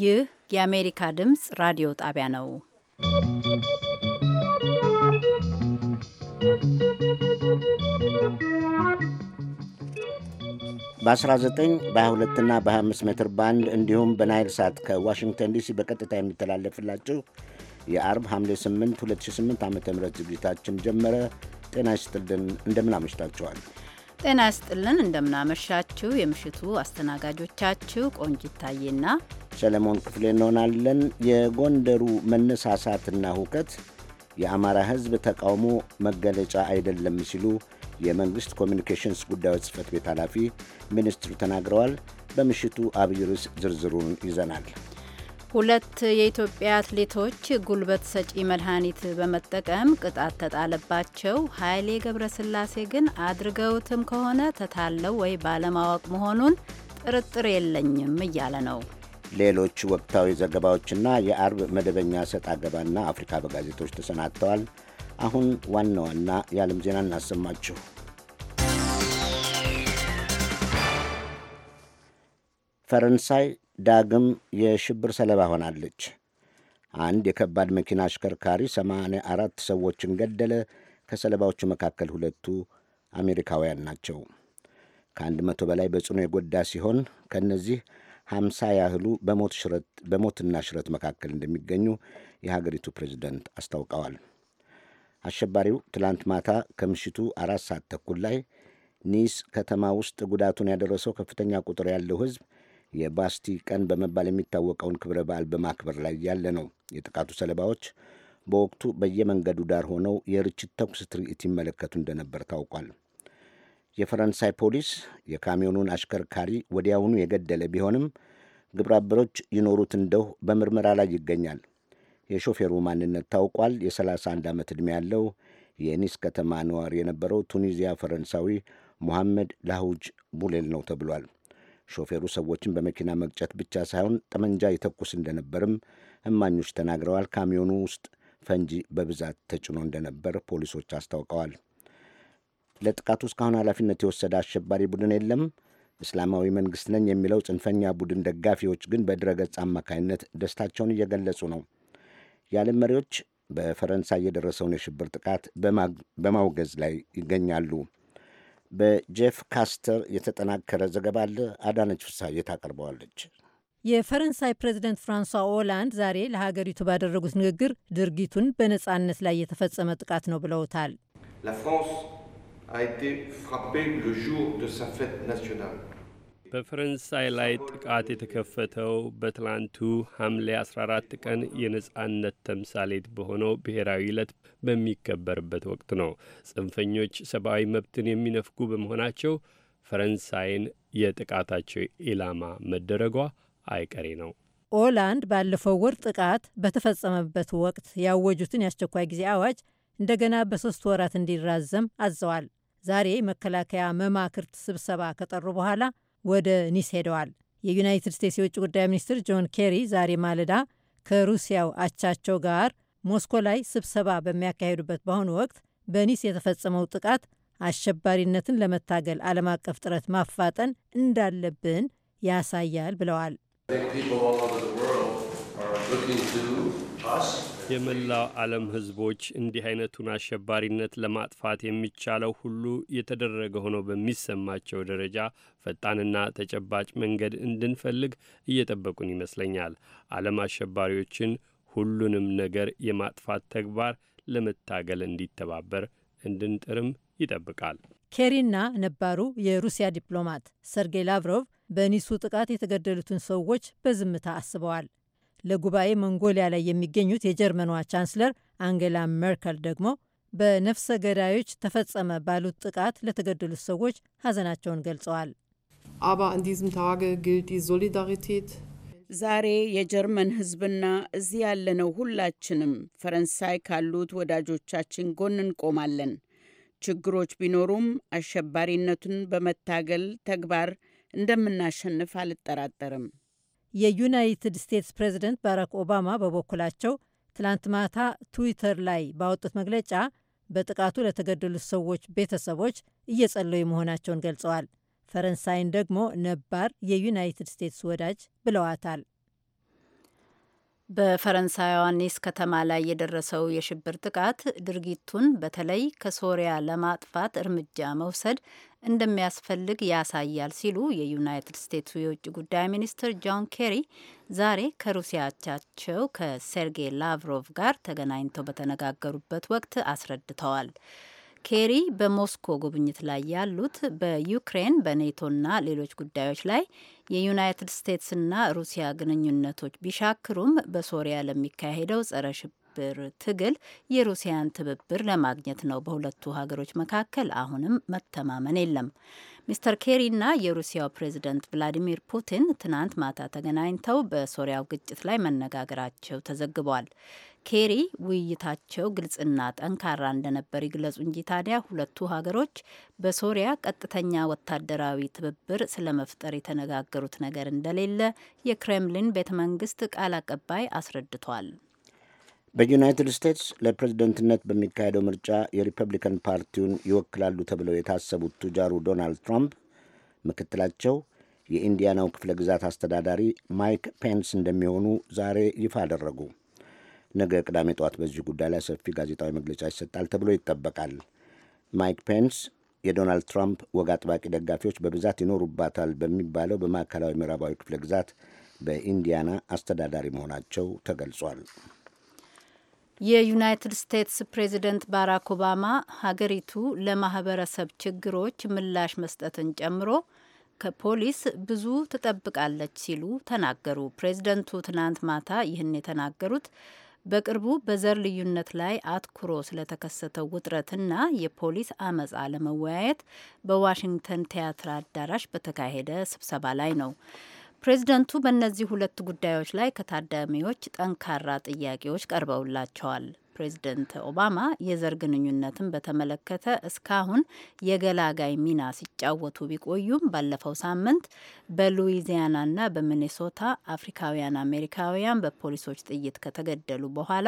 ይህ የአሜሪካ ድምፅ ራዲዮ ጣቢያ ነው። በ19 በ22ና በ25 ሜትር ባንድ እንዲሁም በናይል ሳት ከዋሽንግተን ዲሲ በቀጥታ የሚተላለፍላችሁ የአርብ ሐምሌ 8 2008 ዓ ም ዝግጅታችን ጀመረ። ጤና ይስጥልን፣ እንደምን አመሽታችኋል? ጤና ይስጥልን፣ እንደምናመሻችሁ። የምሽቱ አስተናጋጆቻችሁ ቆንጅ ታዬና ሰለሞን ክፍሌ እንሆናለን። የጎንደሩ መነሳሳትና ሁከት የአማራ ሕዝብ ተቃውሞ መገለጫ አይደለም ሲሉ የመንግሥት ኮሚኒኬሽንስ ጉዳዮች ጽሕፈት ቤት ኃላፊ ሚኒስትሩ ተናግረዋል። በምሽቱ አብይ ርዕስ ዝርዝሩን ይዘናል። ሁለት የኢትዮጵያ አትሌቶች ጉልበት ሰጪ መድኃኒት በመጠቀም ቅጣት ተጣለባቸው። ኃይሌ ገብረስላሴ ግን አድርገውትም ከሆነ ተታለው ወይ ባለማወቅ መሆኑን ጥርጥር የለኝም እያለ ነው። ሌሎች ወቅታዊ ዘገባዎችና የአርብ መደበኛ ሰጥ አገባና አፍሪካ በጋዜጦች ተሰናድተዋል። አሁን ዋና ዋና የዓለም ዜና እናሰማችሁ። ፈረንሳይ ዳግም የሽብር ሰለባ ሆናለች። አንድ የከባድ መኪና አሽከርካሪ 84 ሰዎችን ገደለ። ከሰለባዎቹ መካከል ሁለቱ አሜሪካውያን ናቸው። ከአንድ መቶ በላይ በጽኑ የጎዳ ሲሆን ከእነዚህ ሀምሳ ያህሉ በሞትና ሽረት መካከል እንደሚገኙ የሀገሪቱ ፕሬዚደንት አስታውቀዋል። አሸባሪው ትላንት ማታ ከምሽቱ አራት ሰዓት ተኩል ላይ ኒስ ከተማ ውስጥ ጉዳቱን ያደረሰው ከፍተኛ ቁጥር ያለው ሕዝብ የባስቲ ቀን በመባል የሚታወቀውን ክብረ በዓል በማክበር ላይ ያለ ነው። የጥቃቱ ሰለባዎች በወቅቱ በየመንገዱ ዳር ሆነው የርችት ተኩስ ትርኢት ይመለከቱ እንደነበር ታውቋል። የፈረንሳይ ፖሊስ የካሚዮኑን አሽከርካሪ ወዲያውኑ የገደለ ቢሆንም ግብረ ይኖሩት እንደው በምርመራ ላይ ይገኛል። የሾፌሩ ማንነት ታውቋል። የ31 ዓመት ዕድሜ ያለው የኒስ ከተማ ነዋሪ የነበረው ቱኒዚያ ፈረንሳዊ ሞሐመድ ላሁጅ ቡሌል ነው ተብሏል። ሾፌሩ ሰዎችን በመኪና መግጨት ብቻ ሳይሆን ጠመንጃ ይተኩስ እንደነበርም እማኞች ተናግረዋል። ካሚዮኑ ውስጥ ፈንጂ በብዛት ተጭኖ እንደነበር ፖሊሶች አስታውቀዋል። ለጥቃቱ እስካሁን ኃላፊነት የወሰደ አሸባሪ ቡድን የለም። እስላማዊ መንግሥት ነኝ የሚለው ጽንፈኛ ቡድን ደጋፊዎች ግን በድረገጽ አማካኝነት ደስታቸውን እየገለጹ ነው። የዓለም መሪዎች በፈረንሳይ የደረሰውን የሽብር ጥቃት በማውገዝ ላይ ይገኛሉ። በጄፍ ካስተር የተጠናከረ ዘገባ አለ። አዳነች ፍሳዬ ታቀርበዋለች። የፈረንሳይ ፕሬዚደንት ፍራንሷ ኦላንድ ዛሬ ለሀገሪቱ ባደረጉት ንግግር ድርጊቱን በነጻነት ላይ የተፈጸመ ጥቃት ነው ብለውታል። a été frappé le jour de sa fête nationale. በፈረንሳይ ላይ ጥቃት የተከፈተው በትላንቱ ሐምሌ 14 ቀን የነጻነት ተምሳሌት በሆነው ብሔራዊ ዕለት በሚከበርበት ወቅት ነው። ጽንፈኞች ሰብአዊ መብትን የሚነፍጉ በመሆናቸው ፈረንሳይን የጥቃታቸው ኢላማ መደረጓ አይቀሬ ነው። ኦላንድ ባለፈው ወር ጥቃት በተፈጸመበት ወቅት ያወጁትን የአስቸኳይ ጊዜ አዋጅ እንደገና በሦስት ወራት እንዲራዘም አዘዋል። ዛሬ መከላከያ መማክርት ስብሰባ ከጠሩ በኋላ ወደ ኒስ ሄደዋል። የዩናይትድ ስቴትስ የውጭ ጉዳይ ሚኒስትር ጆን ኬሪ ዛሬ ማለዳ ከሩሲያው አቻቸው ጋር ሞስኮ ላይ ስብሰባ በሚያካሂዱበት በአሁኑ ወቅት በኒስ የተፈጸመው ጥቃት አሸባሪነትን ለመታገል ዓለም አቀፍ ጥረት ማፋጠን እንዳለብን ያሳያል ብለዋል። የመላው ዓለም ሕዝቦች እንዲህ አይነቱን አሸባሪነት ለማጥፋት የሚቻለው ሁሉ የተደረገ ሆኖ በሚሰማቸው ደረጃ ፈጣንና ተጨባጭ መንገድ እንድንፈልግ እየጠበቁን ይመስለኛል። ዓለም አሸባሪዎችን ሁሉንም ነገር የማጥፋት ተግባር ለመታገል እንዲተባበር እንድንጥርም ይጠብቃል። ኬሪና ነባሩ የሩሲያ ዲፕሎማት ሰርጌይ ላቭሮቭ በኒሱ ጥቃት የተገደሉትን ሰዎች በዝምታ አስበዋል። ለጉባኤ መንጎሊያ ላይ የሚገኙት የጀርመኗ ቻንስለር አንጌላ ሜርከል ደግሞ በነፍሰ ገዳዮች ተፈጸመ ባሉት ጥቃት ለተገደሉት ሰዎች ሀዘናቸውን ገልጸዋል። ዛሬ የጀርመን ሕዝብና እዚህ ያለነው ሁላችንም ፈረንሳይ ካሉት ወዳጆቻችን ጎን እንቆማለን። ችግሮች ቢኖሩም አሸባሪነቱን በመታገል ተግባር እንደምናሸንፍ አልጠራጠርም። የዩናይትድ ስቴትስ ፕሬዚደንት ባራክ ኦባማ በበኩላቸው ትላንት ማታ ትዊተር ላይ ባወጡት መግለጫ በጥቃቱ ለተገደሉት ሰዎች ቤተሰቦች እየጸለዩ መሆናቸውን ገልጸዋል። ፈረንሳይን ደግሞ ነባር የዩናይትድ ስቴትስ ወዳጅ ብለዋታል። በፈረንሳይዋ ኒስ ከተማ ላይ የደረሰው የሽብር ጥቃት ድርጊቱን በተለይ ከሶሪያ ለማጥፋት እርምጃ መውሰድ እንደሚያስፈልግ ያሳያል ሲሉ የዩናይትድ ስቴትሱ የውጭ ጉዳይ ሚኒስትር ጆን ኬሪ ዛሬ ከሩሲያቻቸው ከሴርጌይ ላቭሮቭ ጋር ተገናኝተው በተነጋገሩበት ወቅት አስረድተዋል። ኬሪ በሞስኮ ጉብኝት ላይ ያሉት በዩክሬን በኔቶና ሌሎች ጉዳዮች ላይ የዩናይትድ ስቴትስና ሩሲያ ግንኙነቶች ቢሻክሩም በሶሪያ ለሚካሄደው ጸረ ሽብር ትግል የሩሲያን ትብብር ለማግኘት ነው። በሁለቱ ሀገሮች መካከል አሁንም መተማመን የለም። ሚስተር ኬሪና የሩሲያው ፕሬዝደንት ቭላዲሚር ፑቲን ትናንት ማታ ተገናኝተው በሶሪያው ግጭት ላይ መነጋገራቸው ተዘግቧል። ኬሪ ውይይታቸው ግልጽና ጠንካራ እንደነበር ይግለጹ እንጂ ታዲያ ሁለቱ ሀገሮች በሶሪያ ቀጥተኛ ወታደራዊ ትብብር ስለመፍጠር የተነጋገሩት ነገር እንደሌለ የክሬምሊን ቤተ መንግስት ቃል አቀባይ አስረድቷል። በዩናይትድ ስቴትስ ለፕሬዝደንትነት በሚካሄደው ምርጫ የሪፐብሊካን ፓርቲውን ይወክላሉ ተብለው የታሰቡት ቱጃሩ ዶናልድ ትራምፕ ምክትላቸው የኢንዲያናው ክፍለ ግዛት አስተዳዳሪ ማይክ ፔንስ እንደሚሆኑ ዛሬ ይፋ አደረጉ። ነገ ቅዳሜ ጠዋት በዚህ ጉዳይ ላይ ሰፊ ጋዜጣዊ መግለጫ ይሰጣል ተብሎ ይጠበቃል። ማይክ ፔንስ የዶናልድ ትራምፕ ወግ አጥባቂ ደጋፊዎች በብዛት ይኖሩባታል በሚባለው በማዕከላዊ ምዕራባዊ ክፍለ ግዛት በኢንዲያና አስተዳዳሪ መሆናቸው ተገልጿል። የዩናይትድ ስቴትስ ፕሬዚደንት ባራክ ኦባማ ሀገሪቱ ለማህበረሰብ ችግሮች ምላሽ መስጠትን ጨምሮ ከፖሊስ ብዙ ትጠብቃለች ሲሉ ተናገሩ። ፕሬዚደንቱ ትናንት ማታ ይህን የተናገሩት በቅርቡ በዘር ልዩነት ላይ አትኩሮ ስለተከሰተው ውጥረትና የፖሊስ አመፃ ለመወያየት በዋሽንግተን ቲያትር አዳራሽ በተካሄደ ስብሰባ ላይ ነው። ፕሬዚደንቱ በእነዚህ ሁለት ጉዳዮች ላይ ከታዳሚዎች ጠንካራ ጥያቄዎች ቀርበውላቸዋል። ፕሬዚደንት ኦባማ የዘር ግንኙነትን በተመለከተ እስካሁን የገላጋይ ሚና ሲጫወቱ ቢቆዩም ባለፈው ሳምንት በሉዊዚያናና በሚኔሶታ አፍሪካውያን አሜሪካውያን በፖሊሶች ጥይት ከተገደሉ በኋላ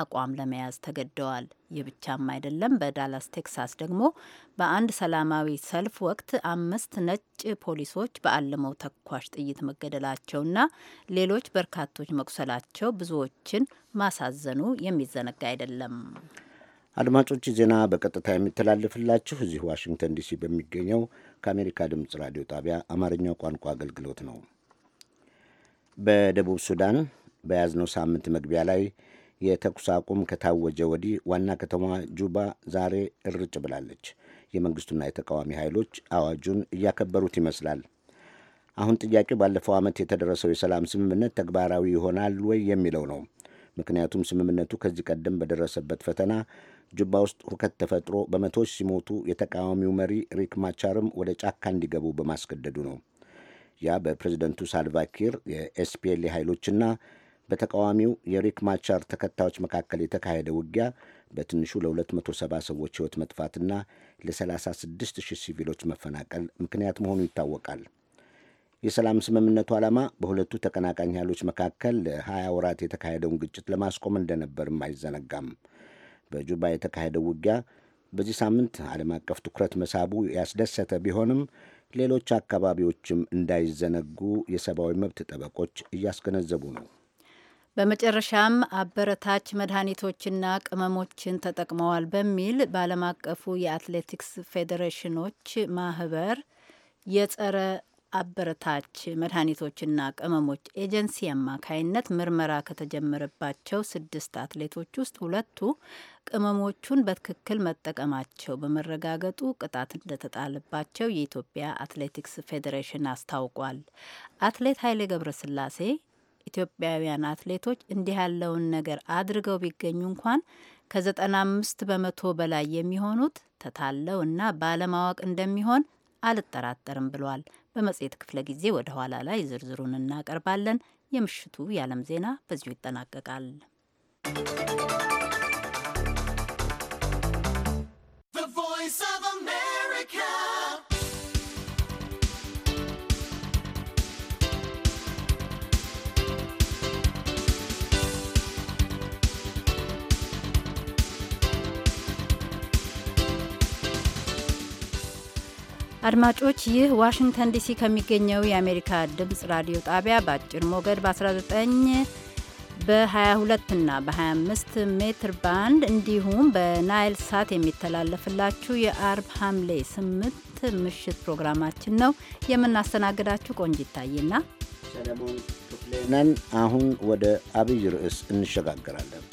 አቋም ለመያዝ ተገደዋል። ይህ ብቻም አይደለም። በዳላስ ቴክሳስ ደግሞ በአንድ ሰላማዊ ሰልፍ ወቅት አምስት ነጭ ፖሊሶች በአለመው ተኳሽ ጥይት መገደላቸውና ሌሎች በርካቶች መቁሰላቸው ብዙዎችን ማሳዘኑ የሚዘነጋ አይደለም። አድማጮች፣ ዜና በቀጥታ የሚተላለፍላችሁ እዚህ ዋሽንግተን ዲሲ በሚገኘው ከአሜሪካ ድምፅ ራዲዮ ጣቢያ አማርኛው ቋንቋ አገልግሎት ነው። በደቡብ ሱዳን በያዝነው ሳምንት መግቢያ ላይ የተኩስ አቁም ከታወጀ ወዲህ ዋና ከተማዋ ጁባ ዛሬ እርጭ ብላለች። የመንግስቱና የተቃዋሚ ኃይሎች አዋጁን እያከበሩት ይመስላል። አሁን ጥያቄው ባለፈው ዓመት የተደረሰው የሰላም ስምምነት ተግባራዊ ይሆናል ወይ የሚለው ነው። ምክንያቱም ስምምነቱ ከዚህ ቀደም በደረሰበት ፈተና ጁባ ውስጥ ሁከት ተፈጥሮ በመቶዎች ሲሞቱ የተቃዋሚው መሪ ሪክ ማቻርም ወደ ጫካ እንዲገቡ በማስገደዱ ነው። ያ በፕሬዚደንቱ ሳልቫኪር የኤስፒኤልኤ ኃይሎችና በተቃዋሚው የሪክ ማቻር ተከታዮች መካከል የተካሄደ ውጊያ በትንሹ ለ270 ሰዎች ሕይወት መጥፋትና ለ36 ሺህ ሲቪሎች መፈናቀል ምክንያት መሆኑ ይታወቃል። የሰላም ስምምነቱ ዓላማ በሁለቱ ተቀናቃኝ ኃይሎች መካከል ለ20 ወራት የተካሄደውን ግጭት ለማስቆም እንደነበርም አይዘነጋም። በጁባ የተካሄደው ውጊያ በዚህ ሳምንት ዓለም አቀፍ ትኩረት መሳቡ ያስደሰተ ቢሆንም ሌሎች አካባቢዎችም እንዳይዘነጉ የሰብአዊ መብት ጠበቆች እያስገነዘቡ ነው። በመጨረሻም አበረታች መድኃኒቶችና ቅመሞችን ተጠቅመዋል በሚል በዓለም አቀፉ የአትሌቲክስ ፌዴሬሽኖች ማህበር የጸረ አበረታች መድኃኒቶችና ቅመሞች ኤጀንሲ አማካይነት ምርመራ ከተጀመረባቸው ስድስት አትሌቶች ውስጥ ሁለቱ ቅመሞቹን በትክክል መጠቀማቸው በመረጋገጡ ቅጣት እንደተጣለባቸው የኢትዮጵያ አትሌቲክስ ፌዴሬሽን አስታውቋል። አትሌት ኃይሌ ገብረስላሴ ኢትዮጵያውያን አትሌቶች እንዲህ ያለውን ነገር አድርገው ቢገኙ እንኳን ከ95 በመቶ በላይ የሚሆኑት ተታለው እና ባለማወቅ እንደሚሆን አልጠራጠርም ብሏል። በመጽሔት ክፍለ ጊዜ ወደ ኋላ ላይ ዝርዝሩን እናቀርባለን። የምሽቱ የዓለም ዜና በዚሁ ይጠናቀቃል። አድማጮች ይህ ዋሽንግተን ዲሲ ከሚገኘው የአሜሪካ ድምፅ ራዲዮ ጣቢያ በአጭር ሞገድ በ19 በ22 እና በ25 ሜትር ባንድ እንዲሁም በናይል ሳት የሚተላለፍላችሁ የአርብ ሐምሌ 8 ምሽት ፕሮግራማችን ነው። የምናስተናግዳችሁ ቆንጅ ይታይና ሰለሞን ክፍሌ ነን። አሁን ወደ አብይ ርዕስ እንሸጋገራለን።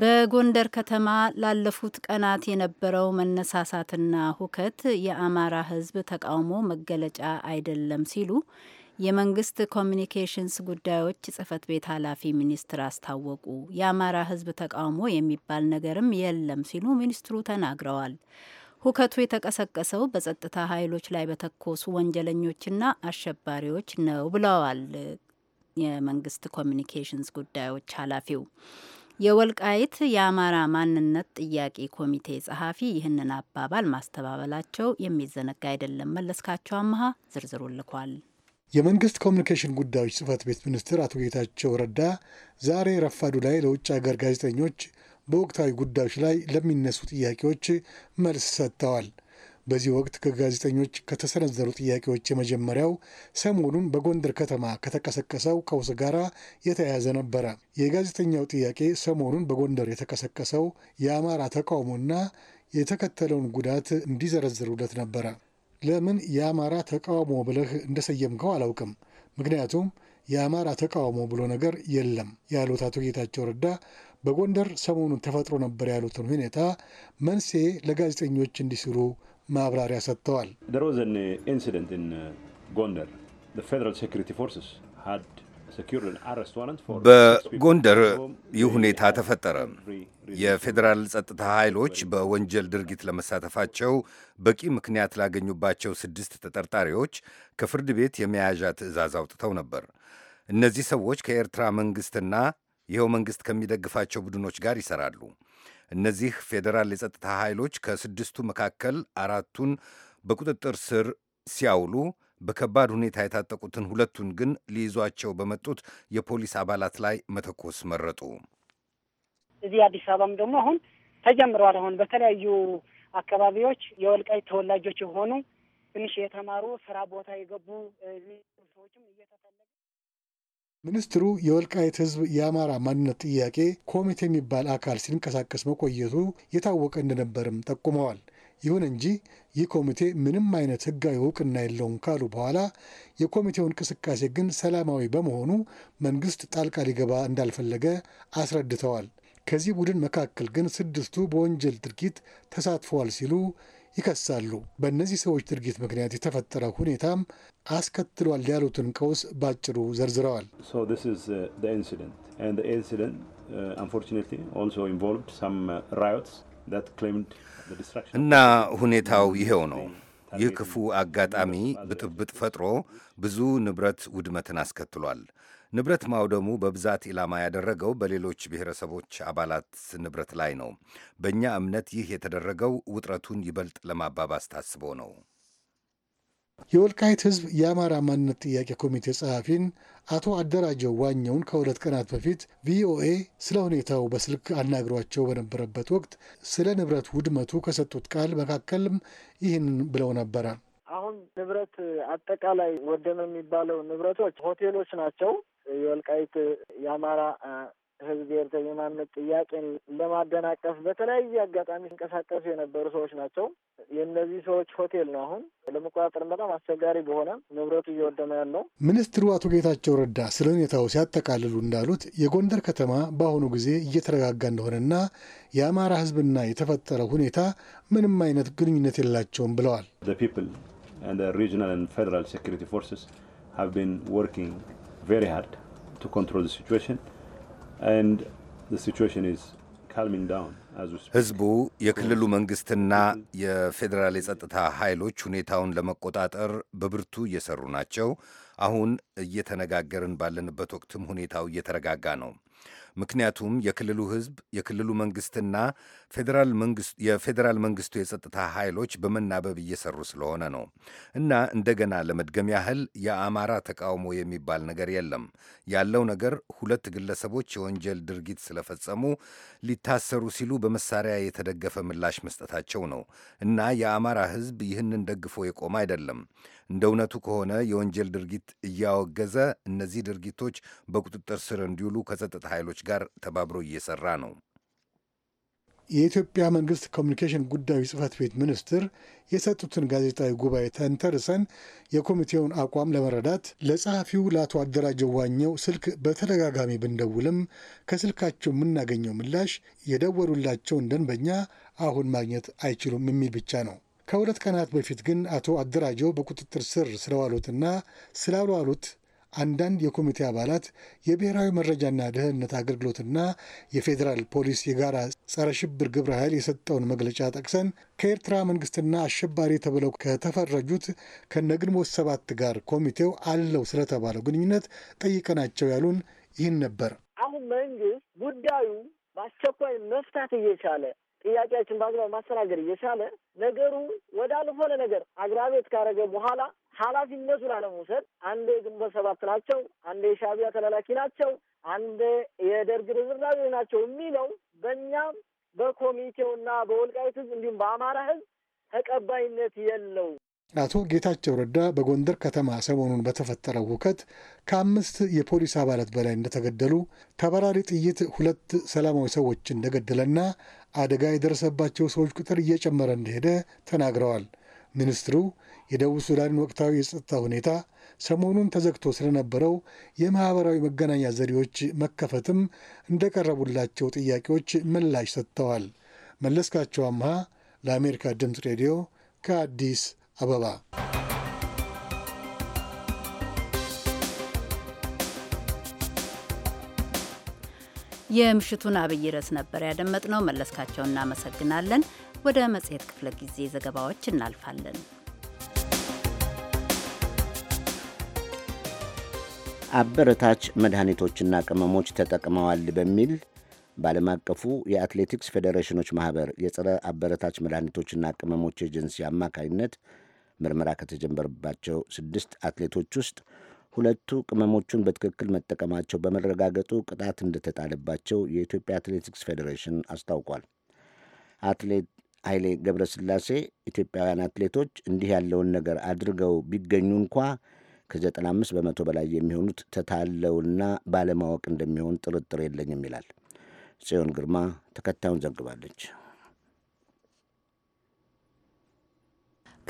በጎንደር ከተማ ላለፉት ቀናት የነበረው መነሳሳትና ሁከት የአማራ ሕዝብ ተቃውሞ መገለጫ አይደለም ሲሉ የመንግስት ኮሚኒኬሽንስ ጉዳዮች ጽህፈት ቤት ኃላፊ ሚኒስትር አስታወቁ። የአማራ ሕዝብ ተቃውሞ የሚባል ነገርም የለም ሲሉ ሚኒስትሩ ተናግረዋል። ሁከቱ የተቀሰቀሰው በጸጥታ ኃይሎች ላይ በተኮሱ ወንጀለኞችና አሸባሪዎች ነው ብለዋል የመንግስት ኮሚኒኬሽንስ ጉዳዮች ኃላፊው። የወልቃይት የአማራ ማንነት ጥያቄ ኮሚቴ ጸሐፊ ይህንን አባባል ማስተባበላቸው የሚዘነጋ አይደለም። መለስካቸው አመሃ ዝርዝሩ ልኳል። የመንግስት ኮሚኒኬሽን ጉዳዮች ጽህፈት ቤት ሚኒስትር አቶ ጌታቸው ረዳ ዛሬ ረፋዱ ላይ ለውጭ ሀገር ጋዜጠኞች በወቅታዊ ጉዳዮች ላይ ለሚነሱ ጥያቄዎች መልስ ሰጥተዋል። በዚህ ወቅት ከጋዜጠኞች ከተሰነዘሩ ጥያቄዎች የመጀመሪያው ሰሞኑን በጎንደር ከተማ ከተቀሰቀሰው ቀውስ ጋር የተያያዘ ነበረ። የጋዜጠኛው ጥያቄ ሰሞኑን በጎንደር የተቀሰቀሰው የአማራ ተቃውሞና የተከተለውን ጉዳት እንዲዘረዝሩለት ነበረ። ለምን የአማራ ተቃውሞ ብለህ እንደሰየምከው አላውቅም። ምክንያቱም የአማራ ተቃውሞ ብሎ ነገር የለም ያሉት አቶ ጌታቸው ረዳ በጎንደር ሰሞኑን ተፈጥሮ ነበር ያሉትን ሁኔታ መንስኤ ለጋዜጠኞች እንዲስሩ ማብራሪያ ሰጥተዋል። uh, uh, በጎንደር ይህ ሁኔታ ተፈጠረ። የፌዴራል ጸጥታ ኃይሎች በወንጀል ድርጊት ለመሳተፋቸው በቂ ምክንያት ላገኙባቸው ስድስት ተጠርጣሪዎች ከፍርድ ቤት የመያዣ ትዕዛዝ አውጥተው ነበር። እነዚህ ሰዎች ከኤርትራ መንግሥትና ይኸው መንግሥት ከሚደግፋቸው ቡድኖች ጋር ይሠራሉ። እነዚህ ፌዴራል የጸጥታ ኃይሎች ከስድስቱ መካከል አራቱን በቁጥጥር ስር ሲያውሉ በከባድ ሁኔታ የታጠቁትን ሁለቱን ግን ሊይዟቸው በመጡት የፖሊስ አባላት ላይ መተኮስ መረጡ። እዚህ አዲስ አበባም ደግሞ አሁን ተጀምረዋል። አሁን በተለያዩ አካባቢዎች የወልቃይ ተወላጆች የሆኑ ትንሽ የተማሩ ስራ ቦታ የገቡ ሰዎችም እየተፈለገ ሚኒስትሩ የወልቃይት ሕዝብ የአማራ ማንነት ጥያቄ ኮሚቴ የሚባል አካል ሲንቀሳቀስ መቆየቱ የታወቀ እንደነበርም ጠቁመዋል። ይሁን እንጂ ይህ ኮሚቴ ምንም አይነት ህጋዊ እውቅና የለውም ካሉ በኋላ የኮሚቴው እንቅስቃሴ ግን ሰላማዊ በመሆኑ መንግስት ጣልቃ ሊገባ እንዳልፈለገ አስረድተዋል። ከዚህ ቡድን መካከል ግን ስድስቱ በወንጀል ድርጊት ተሳትፈዋል ሲሉ ይከሳሉ። በእነዚህ ሰዎች ድርጊት ምክንያት የተፈጠረ ሁኔታም አስከትሏል ያሉትን ቀውስ ባጭሩ ዘርዝረዋል። uh, uh, uh, እና ሁኔታው ይኸው ነው። ይህ ክፉ አጋጣሚ ብጥብጥ ፈጥሮ ብዙ ንብረት ውድመትን አስከትሏል። ንብረት ማውደሙ በብዛት ኢላማ ያደረገው በሌሎች ብሔረሰቦች አባላት ንብረት ላይ ነው። በእኛ እምነት ይህ የተደረገው ውጥረቱን ይበልጥ ለማባባስ ታስቦ ነው። የወልቃይት ህዝብ የአማራ ማንነት ጥያቄ ኮሚቴ ጸሐፊን አቶ አደራጀው ዋኘውን ከሁለት ቀናት በፊት ቪኦኤ ስለ ሁኔታው በስልክ አናግሯቸው በነበረበት ወቅት ስለ ንብረት ውድመቱ ከሰጡት ቃል መካከልም ይህንን ብለው ነበረ። አሁን ንብረት አጠቃላይ ወደመ የሚባለው ንብረቶች ሆቴሎች ናቸው። የወልቃይት የአማራ ህዝብ የማንነት ጥያቄን ለማደናቀፍ በተለያየ አጋጣሚ ሲንቀሳቀሱ የነበሩ ሰዎች ናቸው። የእነዚህ ሰዎች ሆቴል ነው አሁን ለመቆጣጠር በጣም አስቸጋሪ በሆነ ንብረቱ እየወደመ ያለው። ሚኒስትሩ አቶ ጌታቸው ረዳ ስለ ሁኔታው ሲያጠቃልሉ እንዳሉት የጎንደር ከተማ በአሁኑ ጊዜ እየተረጋጋ እንደሆነና የአማራ ህዝብና የተፈጠረ ሁኔታ ምንም አይነት ግንኙነት የላቸውም ብለዋል። ሪጅናል ፌደራል ሴኩሪቲ ፎርስስ ሃቭ ቢን ወርኪንግ ቬሪ ሃርድ ቱ ኮንትሮል ሲቹዌሽን ህዝቡ የክልሉ መንግስትና የፌዴራል የጸጥታ ኃይሎች ሁኔታውን ለመቆጣጠር በብርቱ እየሰሩ ናቸው። አሁን እየተነጋገርን ባለንበት ወቅትም ሁኔታው እየተረጋጋ ነው። ምክንያቱም የክልሉ ህዝብ የክልሉ መንግስትና የፌዴራል መንግስቱ የጸጥታ ኃይሎች በመናበብ እየሰሩ ስለሆነ ነው። እና እንደገና ለመድገም ያህል የአማራ ተቃውሞ የሚባል ነገር የለም። ያለው ነገር ሁለት ግለሰቦች የወንጀል ድርጊት ስለፈጸሙ ሊታሰሩ ሲሉ በመሳሪያ የተደገፈ ምላሽ መስጠታቸው ነው። እና የአማራ ህዝብ ይህንን ደግፎ የቆመ አይደለም። እንደ እውነቱ ከሆነ የወንጀል ድርጊት እያወገዘ እነዚህ ድርጊቶች በቁጥጥር ስር እንዲውሉ ከጸጥታ ኃይሎች ጋር ተባብሮ እየሰራ ነው። የኢትዮጵያ መንግስት ኮሚኒኬሽን ጉዳዮች ጽህፈት ቤት ሚኒስትር የሰጡትን ጋዜጣዊ ጉባኤ ተንተርሰን የኮሚቴውን አቋም ለመረዳት ለጸሐፊው ለአቶ አደራጀው ዋኘው ስልክ በተደጋጋሚ ብንደውልም ከስልካቸው የምናገኘው ምላሽ የደወሉላቸውን ደንበኛ አሁን ማግኘት አይችሉም የሚል ብቻ ነው። ከሁለት ቀናት በፊት ግን አቶ አደራጀው በቁጥጥር ስር ስለዋሉትና ስላልዋሉት አንዳንድ የኮሚቴ አባላት የብሔራዊ መረጃና ደህንነት አገልግሎትና የፌዴራል ፖሊስ የጋራ ጸረ ሽብር ግብረ ኃይል የሰጠውን መግለጫ ጠቅሰን ከኤርትራ መንግስትና አሸባሪ ተብለው ከተፈረጁት ከነግንቦት ሰባት ጋር ኮሚቴው አለው ስለተባለው ግንኙነት ጠይቀናቸው ያሉን ይህን ነበር። አሁን መንግስት ጉዳዩ በአስቸኳይ መፍታት እየቻለ ጥያቄያችን በአግባብ ማስተናገድ እየቻለ ነገሩ ወዳልሆነ ነገር አግራቤት ካረገ በኋላ ኃላፊነቱን አለመውሰድ አንዴ የግንቦት ሰባት ናቸው፣ አንዴ የሻቢያ ተላላኪ ናቸው፣ አንዴ የደርግ ርዝራዦች ናቸው የሚለው በእኛም በኮሚቴውና በወልቃይት ህዝብ እንዲሁም በአማራ ህዝብ ተቀባይነት የለው አቶ ጌታቸው ረዳ በጎንደር ከተማ ሰሞኑን በተፈጠረው ሁከት ከአምስት የፖሊስ አባላት በላይ እንደተገደሉ፣ ተበራሪ ጥይት ሁለት ሰላማዊ ሰዎች እንደገደለና አደጋ የደረሰባቸው ሰዎች ቁጥር እየጨመረ እንደሄደ ተናግረዋል። ሚኒስትሩ የደቡብ ሱዳንን ወቅታዊ የጸጥታ ሁኔታ፣ ሰሞኑን ተዘግቶ ስለነበረው የማኅበራዊ መገናኛ ዘዴዎች መከፈትም እንደቀረቡላቸው ጥያቄዎች ምላሽ ሰጥተዋል። መለስካቸው አምሃ ለአሜሪካ ድምፅ ሬዲዮ ከአዲስ አበባ የምሽቱን አብይ ርዕስ ነበር ያደመጥነው። መለስካቸው እናመሰግናለን። ወደ መጽሔት ክፍለ ጊዜ ዘገባዎች እናልፋለን። አበረታች መድኃኒቶችና ቅመሞች ተጠቅመዋል በሚል በዓለም አቀፉ የአትሌቲክስ ፌዴሬሽኖች ማኅበር የጸረ አበረታች መድኃኒቶችና ቅመሞች ኤጀንሲ አማካኝነት ምርመራ ከተጀመረባቸው ስድስት አትሌቶች ውስጥ ሁለቱ ቅመሞቹን በትክክል መጠቀማቸው በመረጋገጡ ቅጣት እንደተጣለባቸው የኢትዮጵያ አትሌቲክስ ፌዴሬሽን አስታውቋል። አትሌት ኃይሌ ገብረስላሴ ኢትዮጵያውያን አትሌቶች እንዲህ ያለውን ነገር አድርገው ቢገኙ እንኳ ከ95 በመቶ በላይ የሚሆኑት ተታለውና ባለማወቅ እንደሚሆን ጥርጥር የለኝም ይላል። ጽዮን ግርማ ተከታዩን ዘግባለች።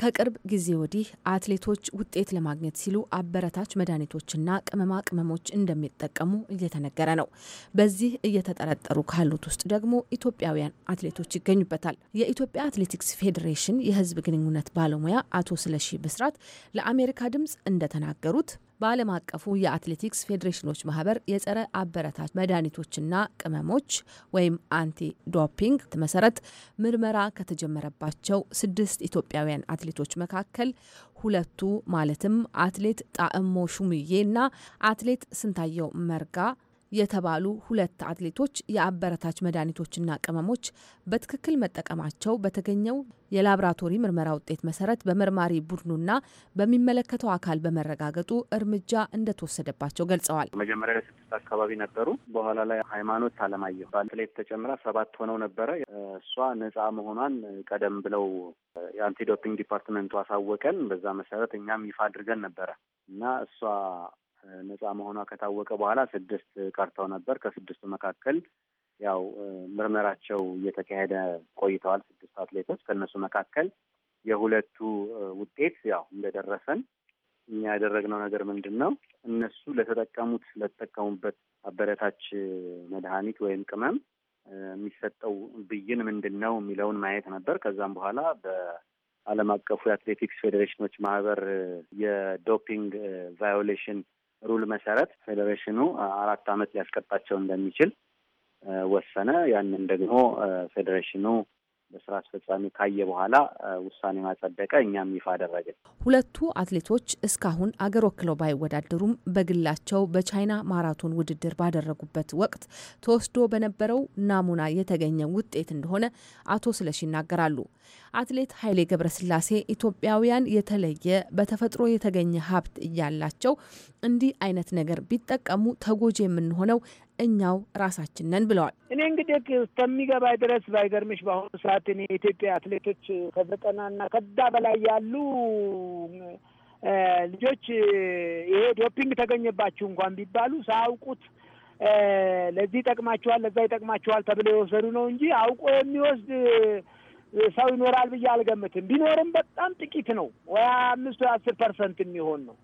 ከቅርብ ጊዜ ወዲህ አትሌቶች ውጤት ለማግኘት ሲሉ አበረታች መድኃኒቶችና ቅመማ ቅመሞች እንደሚጠቀሙ እየተነገረ ነው። በዚህ እየተጠረጠሩ ካሉት ውስጥ ደግሞ ኢትዮጵያውያን አትሌቶች ይገኙበታል። የኢትዮጵያ አትሌቲክስ ፌዴሬሽን የሕዝብ ግንኙነት ባለሙያ አቶ ስለሺ ብስራት ለአሜሪካ ድምጽ እንደተናገሩት በዓለም አቀፉ የአትሌቲክስ ፌዴሬሽኖች ማህበር የጸረ አበረታች መድኃኒቶችና ቅመሞች ወይም አንቲ ዶፒንግ መሰረት ምርመራ ከተጀመረባቸው ስድስት ኢትዮጵያውያን አትሌቶች መካከል ሁለቱ ማለትም አትሌት ጣዕሞ ሹምዬና አትሌት ስንታየው መርጋ የተባሉ ሁለት አትሌቶች የአበረታች መድኃኒቶችና ቅመሞች በትክክል መጠቀማቸው በተገኘው የላብራቶሪ ምርመራ ውጤት መሰረት በመርማሪ ቡድኑና በሚመለከተው አካል በመረጋገጡ እርምጃ እንደተወሰደባቸው ገልጸዋል። መጀመሪያ ስድስት አካባቢ ነበሩ። በኋላ ላይ ሃይማኖት አለማየሁ በአትሌት ተጨምራ ሰባት ሆነው ነበረ። እሷ ነጻ መሆኗን ቀደም ብለው የአንቲዶፒንግ ዲፓርትመንቱ አሳወቀን። በዛ መሰረት እኛም ይፋ አድርገን ነበረ እና እሷ ነጻ መሆኗ ከታወቀ በኋላ ስድስት ቀርተው ነበር። ከስድስቱ መካከል ያው ምርመራቸው እየተካሄደ ቆይተዋል። ስድስቱ አትሌቶች ከእነሱ መካከል የሁለቱ ውጤት ያው እንደደረሰን እኛ ያደረግነው ነገር ምንድን ነው? እነሱ ለተጠቀሙት ለተጠቀሙበት አበረታች መድኃኒት ወይም ቅመም የሚሰጠው ብይን ምንድን ነው የሚለውን ማየት ነበር። ከዛም በኋላ በዓለም አቀፉ የአትሌቲክስ ፌዴሬሽኖች ማህበር የዶፒንግ ቫዮሌሽን ሩል መሰረት ፌዴሬሽኑ አራት ዓመት ሊያስቀጣቸው እንደሚችል ወሰነ። ያንን ደግሞ ፌዴሬሽኑ በስራ አስፈጻሚ ካየ በኋላ ውሳኔ ማጸደቀ፣ እኛም ይፋ አደረግን። ሁለቱ አትሌቶች እስካሁን አገር ወክለው ባይወዳደሩም በግላቸው በቻይና ማራቶን ውድድር ባደረጉበት ወቅት ተወስዶ በነበረው ናሙና የተገኘ ውጤት እንደሆነ አቶ ስለሽ ይናገራሉ። አትሌት ኃይሌ ገብረስላሴ ኢትዮጵያውያን የተለየ በተፈጥሮ የተገኘ ሀብት እያላቸው እንዲህ አይነት ነገር ቢጠቀሙ ተጎጂ የምንሆነው እኛው ራሳችን ነን ብለዋል። እኔ እንግዲህ እስከሚገባ ድረስ ባይገርምሽ፣ በአሁኑ ሰዓት እኔ የኢትዮጵያ አትሌቶች ከዘጠናና ከዛ በላይ ያሉ ልጆች ይሄ ዶፒንግ ተገኘባችሁ እንኳን ቢባሉ ሳያውቁት ለዚህ ይጠቅማችኋል፣ ለዛ ይጠቅማችኋል ተብሎ የወሰዱ ነው እንጂ አውቆ የሚወስድ ሰው ይኖራል ብዬ አልገምትም። ቢኖርም በጣም ጥቂት ነው፣ ወይ አምስት ወይ አስር ፐርሰንት የሚሆን ነው።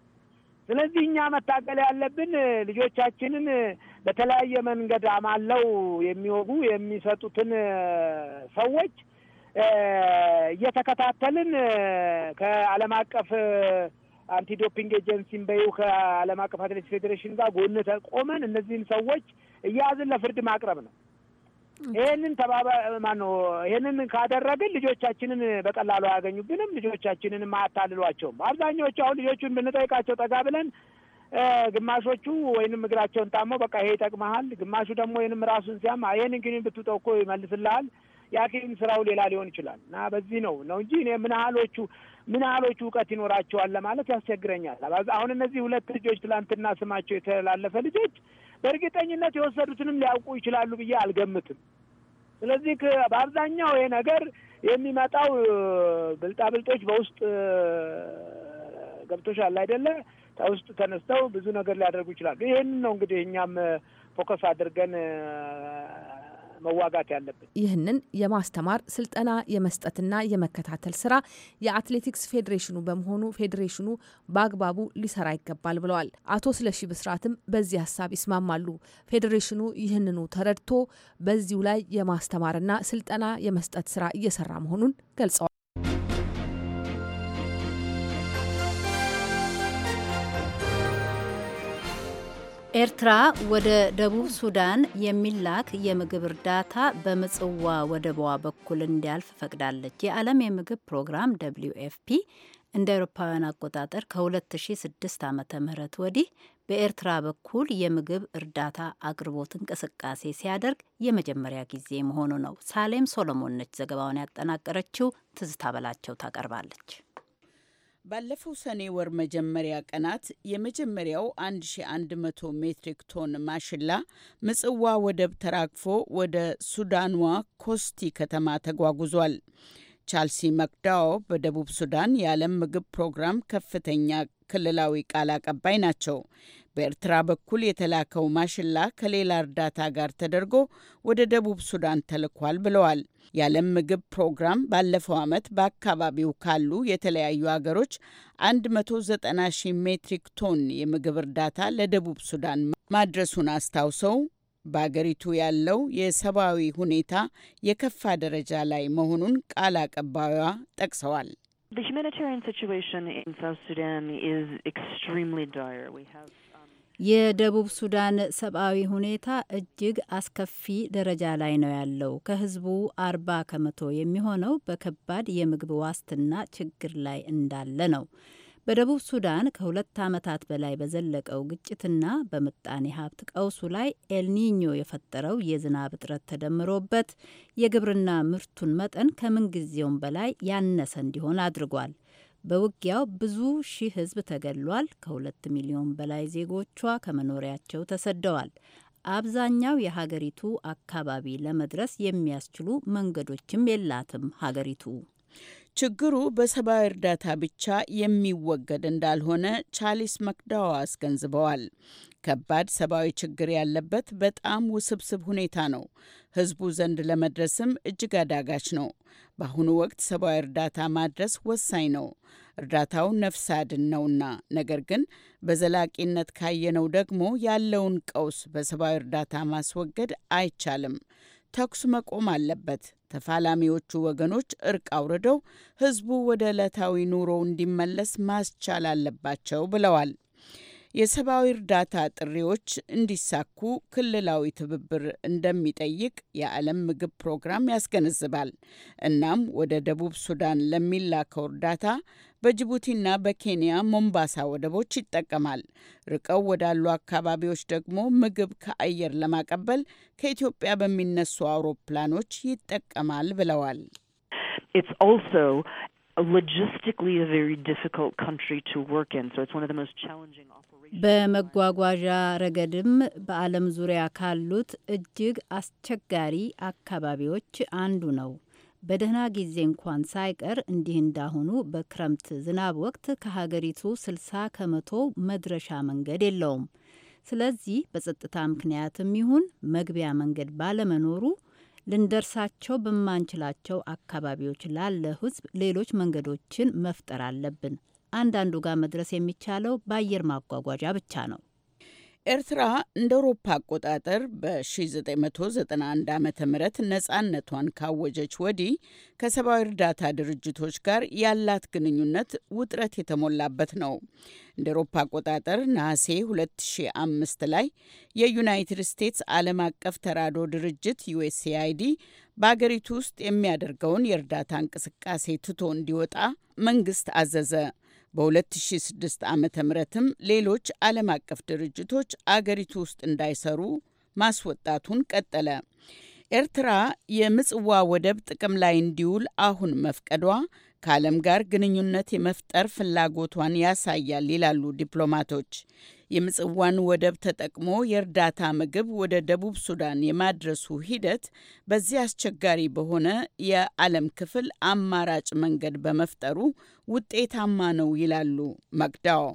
ስለዚህ እኛ መታገል ያለብን ልጆቻችንን በተለያየ መንገድ አማለው የሚወጉ የሚሰጡትን ሰዎች እየተከታተልን ከዓለም አቀፍ አንቲዶፒንግ ኤጀንሲን በይሁ ከዓለም አቀፍ አትሌቲክስ ፌዴሬሽን ጋር ጎን ተቆመን እነዚህን ሰዎች እያያዝን ለፍርድ ማቅረብ ነው። ይህንን ተባባ ነው ይህንን ካደረግን ልጆቻችንን በቀላሉ አያገኙብንም። ልጆቻችንንም አያታልሏቸውም። አብዛኛዎቹ አሁን ልጆቹን ብንጠይቃቸው ጠጋ ብለን ግማሾቹ ወይንም እግራቸውን ጣመው በቃ ይሄ ይጠቅመሃል፣ ግማሹ ደግሞ ወይንም ራሱን ሲያም ይህን እንግዲህ ብትውጠው እኮ ይመልስልሃል። የሐኪም ስራው ሌላ ሊሆን ይችላል እና በዚህ ነው ነው እንጂ እኔ ምን ያህሎቹ ምን ያህሎቹ እውቀት ይኖራቸዋል ለማለት ያስቸግረኛል። አሁን እነዚህ ሁለት ልጆች ትላንትና ስማቸው የተላለፈ ልጆች በእርግጠኝነት የወሰዱትንም ሊያውቁ ይችላሉ ብዬ አልገምትም። ስለዚህ በአብዛኛው ይሄ ነገር የሚመጣው ብልጣብልጦች በውስጥ ገብቶሻል አይደለ? ውስጥ ተነስተው ብዙ ነገር ሊያደርጉ ይችላሉ። ይህን ነው እንግዲህ እኛም ፎከስ አድርገን መዋጋት ያለብን። ይህንን የማስተማር ስልጠና የመስጠትና የመከታተል ስራ የአትሌቲክስ ፌዴሬሽኑ በመሆኑ ፌዴሬሽኑ በአግባቡ ሊሰራ ይገባል ብለዋል አቶ ስለሺ ብስራትም በዚህ ሀሳብ ይስማማሉ። ፌዴሬሽኑ ይህንኑ ተረድቶ በዚሁ ላይ የማስተማርና ስልጠና የመስጠት ስራ እየሰራ መሆኑን ገልጸዋል። ኤርትራ ወደ ደቡብ ሱዳን የሚላክ የምግብ እርዳታ በምጽዋ ወደቧ በኩል እንዲያልፍ ፈቅዳለች። የዓለም የምግብ ፕሮግራም ደብሊው ኤፍፒ እንደ አውሮፓውያን አቆጣጠር ከ2006 ዓ ም ወዲህ በኤርትራ በኩል የምግብ እርዳታ አቅርቦት እንቅስቃሴ ሲያደርግ የመጀመሪያ ጊዜ መሆኑ ነው። ሳሌም ሶሎሞን ነች ዘገባውን ያጠናቀረችው። ትዝታ በላቸው ታቀርባለች። ባለፈው ሰኔ ወር መጀመሪያ ቀናት የመጀመሪያው 1100 ሜትሪክ ቶን ማሽላ ምጽዋ ወደብ ተራግፎ ወደ ሱዳኗ ኮስቲ ከተማ ተጓጉዟል። ቻልሲ መክዳኦ በደቡብ ሱዳን የዓለም ምግብ ፕሮግራም ከፍተኛ ክልላዊ ቃል አቀባይ ናቸው። በኤርትራ በኩል የተላከው ማሽላ ከሌላ እርዳታ ጋር ተደርጎ ወደ ደቡብ ሱዳን ተልኳል ብለዋል። የዓለም ምግብ ፕሮግራም ባለፈው ዓመት በአካባቢው ካሉ የተለያዩ አገሮች 190 ሺህ ሜትሪክ ቶን የምግብ እርዳታ ለደቡብ ሱዳን ማድረሱን አስታውሰው በአገሪቱ ያለው የሰብአዊ ሁኔታ የከፋ ደረጃ ላይ መሆኑን ቃል አቀባዩዋ ጠቅሰዋል። um, የደቡብ ሱዳን ሰብአዊ ሁኔታ እጅግ አስከፊ ደረጃ ላይ ነው ያለው። ከህዝቡ አርባ ከመቶ የሚሆነው በከባድ የምግብ ዋስትና ችግር ላይ እንዳለ ነው። በደቡብ ሱዳን ከሁለት ዓመታት በላይ በዘለቀው ግጭትና በምጣኔ ሀብት ቀውሱ ላይ ኤልኒኞ የፈጠረው የዝናብ እጥረት ተደምሮበት የግብርና ምርቱን መጠን ከምንጊዜውም በላይ ያነሰ እንዲሆን አድርጓል። በውጊያው ብዙ ሺህ ሕዝብ ተገድሏል። ከሁለት ሚሊዮን በላይ ዜጎቿ ከመኖሪያቸው ተሰደዋል። አብዛኛው የሀገሪቱ አካባቢ ለመድረስ የሚያስችሉ መንገዶችም የላትም ሀገሪቱ ችግሩ በሰብአዊ እርዳታ ብቻ የሚወገድ እንዳልሆነ ቻሊስ መክዳዋ አስገንዝበዋል። ከባድ ሰብአዊ ችግር ያለበት በጣም ውስብስብ ሁኔታ ነው። ህዝቡ ዘንድ ለመድረስም እጅግ አዳጋች ነው። በአሁኑ ወቅት ሰብአዊ እርዳታ ማድረስ ወሳኝ ነው፣ እርዳታው ነፍስ አድን ነውና። ነገር ግን በዘላቂነት ካየነው ደግሞ ያለውን ቀውስ በሰብአዊ እርዳታ ማስወገድ አይቻልም። ተኩስ መቆም አለበት። ተፋላሚዎቹ ወገኖች እርቅ አውርደው ህዝቡ ወደ ዕለታዊ ኑሮው እንዲመለስ ማስቻል አለባቸው ብለዋል። የሰብአዊ እርዳታ ጥሪዎች እንዲሳኩ ክልላዊ ትብብር እንደሚጠይቅ የዓለም ምግብ ፕሮግራም ያስገነዝባል። እናም ወደ ደቡብ ሱዳን ለሚላከው እርዳታ በጅቡቲና በኬንያ ሞምባሳ ወደቦች ይጠቀማል። ርቀው ወዳሉ አካባቢዎች ደግሞ ምግብ ከአየር ለማቀበል ከኢትዮጵያ በሚነሱ አውሮፕላኖች ይጠቀማል ብለዋል። በመጓጓዣ ረገድም በዓለም ዙሪያ ካሉት እጅግ አስቸጋሪ አካባቢዎች አንዱ ነው። በደህና ጊዜ እንኳን ሳይቀር እንዲህ እንዳሁኑ በክረምት ዝናብ ወቅት ከሀገሪቱ 60 ከመቶ መድረሻ መንገድ የለውም። ስለዚህ በጸጥታ ምክንያትም ይሁን መግቢያ መንገድ ባለመኖሩ ልንደርሳቸው በማንችላቸው አካባቢዎች ላለ ሕዝብ ሌሎች መንገዶችን መፍጠር አለብን። አንዳንዱ ጋር መድረስ የሚቻለው በአየር ማጓጓዣ ብቻ ነው። ኤርትራ እንደ አውሮፓ አቆጣጠር በ1991 ዓ ም ነፃነቷን ካወጀች ወዲህ ከሰብአዊ እርዳታ ድርጅቶች ጋር ያላት ግንኙነት ውጥረት የተሞላበት ነው። እንደ አውሮፓ አቆጣጠር ነሐሴ 2005 ላይ የዩናይትድ ስቴትስ ዓለም አቀፍ ተራድኦ ድርጅት ዩኤስኤአይዲ በአገሪቱ ውስጥ የሚያደርገውን የእርዳታ እንቅስቃሴ ትቶ እንዲወጣ መንግስት አዘዘ። በ2006 ዓ ምትም ሌሎች ዓለም አቀፍ ድርጅቶች አገሪቱ ውስጥ እንዳይሰሩ ማስወጣቱን ቀጠለ። ኤርትራ የምጽዋ ወደብ ጥቅም ላይ እንዲውል አሁን መፍቀዷ ከዓለም ጋር ግንኙነት የመፍጠር ፍላጎቷን ያሳያል ይላሉ ዲፕሎማቶች። የምጽዋን ወደብ ተጠቅሞ የእርዳታ ምግብ ወደ ደቡብ ሱዳን የማድረሱ ሂደት በዚህ አስቸጋሪ በሆነ የዓለም ክፍል አማራጭ መንገድ በመፍጠሩ ውጤታማ ነው ይላሉ ማክዳው።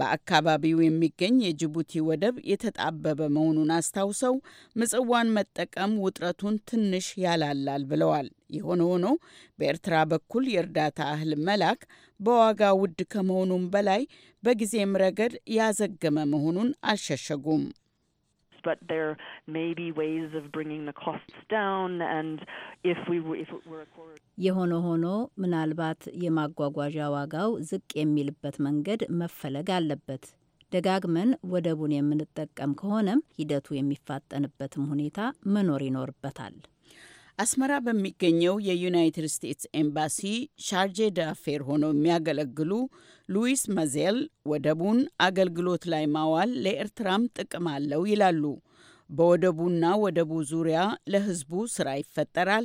በአካባቢው የሚገኝ የጅቡቲ ወደብ የተጣበበ መሆኑን አስታውሰው ምጽዋን መጠቀም ውጥረቱን ትንሽ ያላላል ብለዋል። የሆነ ሆኖ በኤርትራ በኩል የእርዳታ እህል መላክ በዋጋ ውድ ከመሆኑም በላይ በጊዜም ረገድ ያዘገመ መሆኑን አልሸሸጉም። but there may be ways of bringing the costs down and if we if it were a corridor የሆነ ሆኖ ምናልባት የማጓጓዣ ዋጋው ዝቅ የሚልበት መንገድ መፈለግ አለበት። ደጋግመን ወደቡን የምንጠቀም ከሆነም ሂደቱ የሚፋጠንበትም ሁኔታ መኖር ይኖርበታል። አስመራ በሚገኘው የዩናይትድ ስቴትስ ኤምባሲ ሻርጄ ዳፌር ሆነው የሚያገለግሉ ሉዊስ መዜል ወደቡን አገልግሎት ላይ ማዋል ለኤርትራም ጥቅም አለው ይላሉ። በወደቡና ወደቡ ዙሪያ ለሕዝቡ ስራ ይፈጠራል፣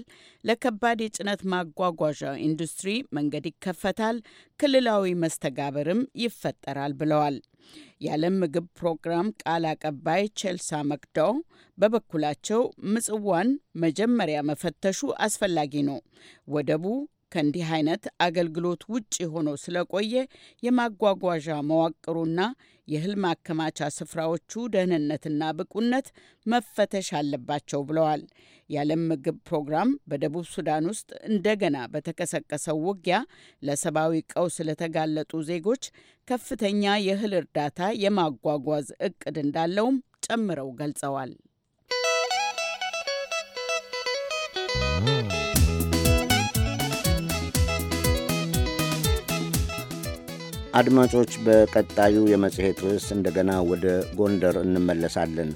ለከባድ የጭነት ማጓጓዣ ኢንዱስትሪ መንገድ ይከፈታል፣ ክልላዊ መስተጋበርም ይፈጠራል ብለዋል። የዓለም ምግብ ፕሮግራም ቃል አቀባይ ቼልሳ መክዳው በበኩላቸው ምጽዋን መጀመሪያ መፈተሹ አስፈላጊ ነው። ወደቡ ከእንዲህ አይነት አገልግሎት ውጭ ሆኖ ስለቆየ የማጓጓዣ መዋቅሩና የእህል ማከማቻ ስፍራዎቹ ደህንነትና ብቁነት መፈተሽ አለባቸው ብለዋል። የዓለም ምግብ ፕሮግራም በደቡብ ሱዳን ውስጥ እንደገና በተቀሰቀሰው ውጊያ ለሰብአዊ ቀውስ ለተጋለጡ ዜጎች ከፍተኛ የእህል እርዳታ የማጓጓዝ እቅድ እንዳለውም ጨምረው ገልጸዋል። አድማጮች፣ በቀጣዩ የመጽሔት ርዕስ እንደገና ወደ ጎንደር እንመለሳለን።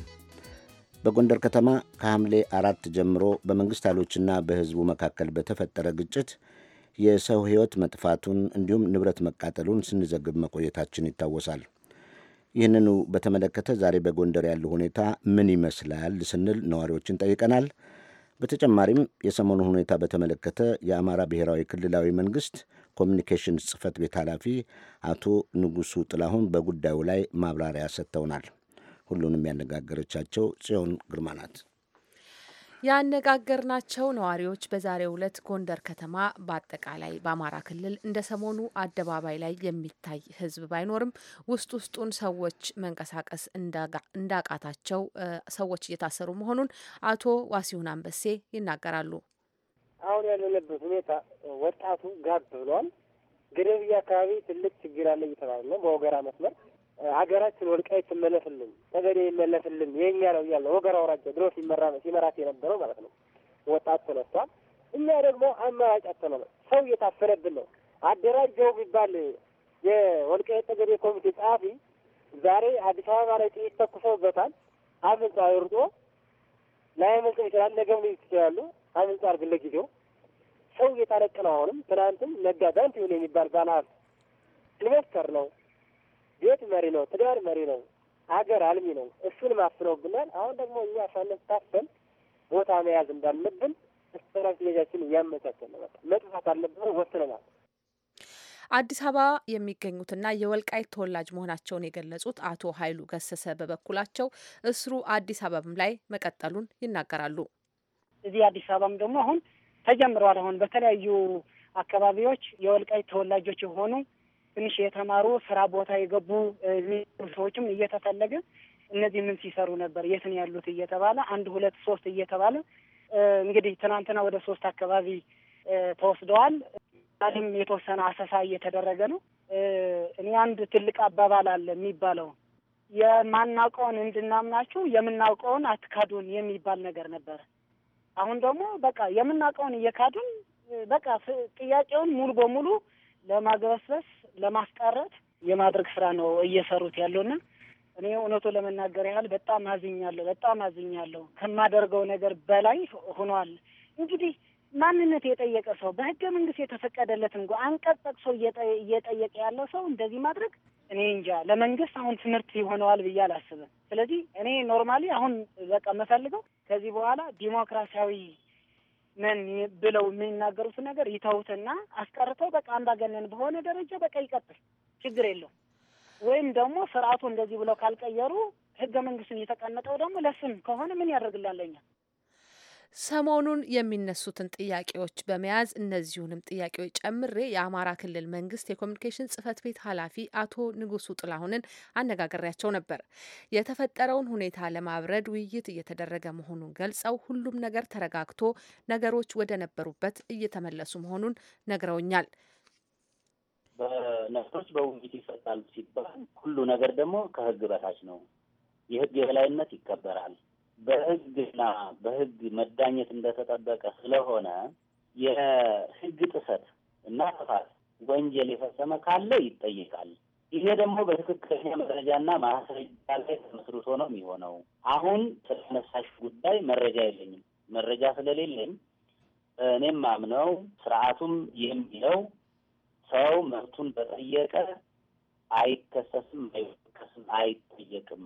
በጎንደር ከተማ ከሐምሌ አራት ጀምሮ በመንግሥት ኃይሎችና በሕዝቡ መካከል በተፈጠረ ግጭት የሰው ሕይወት መጥፋቱን እንዲሁም ንብረት መቃጠሉን ስንዘግብ መቆየታችን ይታወሳል። ይህንኑ በተመለከተ ዛሬ በጎንደር ያለው ሁኔታ ምን ይመስላል ስንል ነዋሪዎችን ጠይቀናል። በተጨማሪም የሰሞኑ ሁኔታ በተመለከተ የአማራ ብሔራዊ ክልላዊ መንግስት ኮሚኒኬሽን ጽህፈት ቤት ኃላፊ አቶ ንጉሱ ጥላሁን በጉዳዩ ላይ ማብራሪያ ሰጥተውናል። ሁሉንም ያነጋገረቻቸው ጽዮን ግርማ ናት። ያነጋገርናቸው ነዋሪዎች በዛሬው ዕለት ጎንደር ከተማ በአጠቃላይ በአማራ ክልል እንደ ሰሞኑ አደባባይ ላይ የሚታይ ህዝብ ባይኖርም ውስጥ ውስጡን ሰዎች መንቀሳቀስ እንዳቃታቸው ሰዎች እየታሰሩ መሆኑን አቶ ዋሲሁን አንበሴ ይናገራሉ። አሁን ያለንበት ሁኔታ ወጣቱ ጋብ ብሏል። ገደብያ አካባቢ ትልቅ ችግር አለ እየተባለ ነው በወገራ መስመር ሀገራችን ወልቃይት ትመለስልን፣ ጠገዴ ይመለስልን፣ የእኛ ነው እያለ ወገራ አውራጃ ድሮ ሲመራት የነበረው ማለት ነው ወጣት ተነስቷል። እኛ ደግሞ አማራጭ አተነ ሰው እየታፈነብን ነው። አደራጀው የሚባል የወልቃይት ጠገዴ ኮሚቴ ጸሐፊ ዛሬ አዲስ አበባ ላይ ጥይት ተኩሰውበታል። አምልጦ አይርጦ ላያመልጥ ይችላል። ነገም ልጅ ይችላሉ። አምልጦ አድርግ ለጊዜው ሰው እየታለቅ ነው። አሁንም ትናንትም ነጋ ዳንት ይሁን የሚባል ባለሀብት ኢንቨስተር ነው ቤት መሪ ነው፣ ትዳር መሪ ነው፣ ሀገር አልሚ ነው። እሱን ማፍነውብናል። አሁን ደግሞ እኛ ሳለን ታፈን ቦታ መያዝ እንዳለብን ስራች ልጃችን እያመቻቸን ነው። መጥፋት አለብን ወስነናል። አዲስ አበባ የሚገኙትና የወልቃይት ተወላጅ መሆናቸውን የገለጹት አቶ ኃይሉ ገሰሰ በበኩላቸው እስሩ አዲስ አበባም ላይ መቀጠሉን ይናገራሉ። እዚህ አዲስ አበባም ደግሞ አሁን ተጀምረዋል። አሁን በተለያዩ አካባቢዎች የወልቃይት ተወላጆች የሆኑ ትንሽ የተማሩ ስራ ቦታ የገቡ ሰዎችም እየተፈለገ እነዚህ ምን ሲሰሩ ነበር፣ የት ነው ያሉት እየተባለ አንድ ሁለት ሶስት እየተባለ እንግዲህ ትናንትና ወደ ሶስት አካባቢ ተወስደዋል። ም የተወሰነ አሰሳ እየተደረገ ነው። እኔ አንድ ትልቅ አባባል አለ የሚባለው የማናውቀውን እንድናምናችሁ የምናውቀውን አትካዱን የሚባል ነገር ነበር። አሁን ደግሞ በቃ የምናውቀውን እየካዱን በቃ ጥያቄውን ሙሉ በሙሉ ለማግበስበስ ለማስቀረት የማድረግ ስራ ነው እየሰሩት ያለውና እኔ እውነቱ ለመናገር ያህል በጣም አዝኛለሁ፣ በጣም አዝኛለሁ። ከማደርገው ነገር በላይ ሆኗል። እንግዲህ ማንነት የጠየቀ ሰው በህገ መንግስት የተፈቀደለት እንጎ አንቀጽ ጠቅሶ እየጠየቀ ያለ ሰው እንደዚህ ማድረግ እኔ እንጃ፣ ለመንግስት አሁን ትምህርት ይሆነዋል ብዬ አላስብም። ስለዚህ እኔ ኖርማሊ አሁን በቃ የምፈልገው ከዚህ በኋላ ዲሞክራሲያዊ ምን ብለው የሚናገሩት ነገር ይተውትና አስቀርተው በቃ አምባገነን በሆነ ደረጃ በቃ ይቀጥል፣ ችግር የለውም። ወይም ደግሞ ስርዓቱ እንደዚህ ብለው ካልቀየሩ ህገ መንግስቱን የተቀመጠው ደግሞ ለስም ከሆነ ምን ያደርግላለኛል? ሰሞኑን የሚነሱትን ጥያቄዎች በመያዝ እነዚሁንም ጥያቄዎች ጨምሬ የአማራ ክልል መንግስት የኮሚኒኬሽን ጽህፈት ቤት ኃላፊ አቶ ንጉሱ ጥላሁንን አነጋገሪያቸው ነበር። የተፈጠረውን ሁኔታ ለማብረድ ውይይት እየተደረገ መሆኑን ገልጸው ሁሉም ነገር ተረጋግቶ ነገሮች ወደ ነበሩበት እየተመለሱ መሆኑን ነግረውኛል። በነገሮች በውይይት ይፈታል ሲባል ሁሉ ነገር ደግሞ ከህግ በታች ነው። የህግ የበላይነት ይከበራል። በህግና በህግ መዳኘት እንደተጠበቀ ስለሆነ የህግ ጥሰት እና ጥፋት ወንጀል የፈጸመ ካለ ይጠይቃል። ይሄ ደግሞ በትክክለኛ መረጃና ማስረጃ ላይ ተመስርቶ ነው የሚሆነው። አሁን ስለነሳሽ ጉዳይ መረጃ የለኝም። መረጃ ስለሌለኝ እኔም ማምነው ስርዓቱም የሚለው ሰው መብቱን በጠየቀ አይከሰስም፣ አይወቀስም፣ አይጠየቅም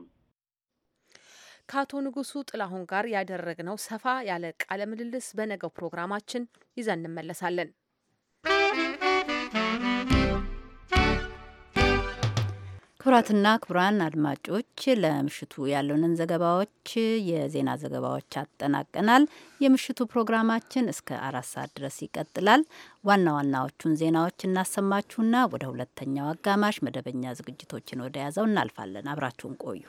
ከአቶ ንጉሱ ጥላሁን ጋር ያደረግነው ሰፋ ያለ ቃለ ምልልስ በነገው ፕሮግራማችን ይዘን እንመለሳለን። ክቡራትና ክቡራን አድማጮች ለምሽቱ ያለንን ዘገባዎች የዜና ዘገባዎች አጠናቀናል። የምሽቱ ፕሮግራማችን እስከ አራት ሰዓት ድረስ ይቀጥላል። ዋና ዋናዎቹን ዜናዎች እናሰማችሁና ወደ ሁለተኛው አጋማሽ መደበኛ ዝግጅቶችን ወደ ያዘው እናልፋለን። አብራችሁን ቆዩ።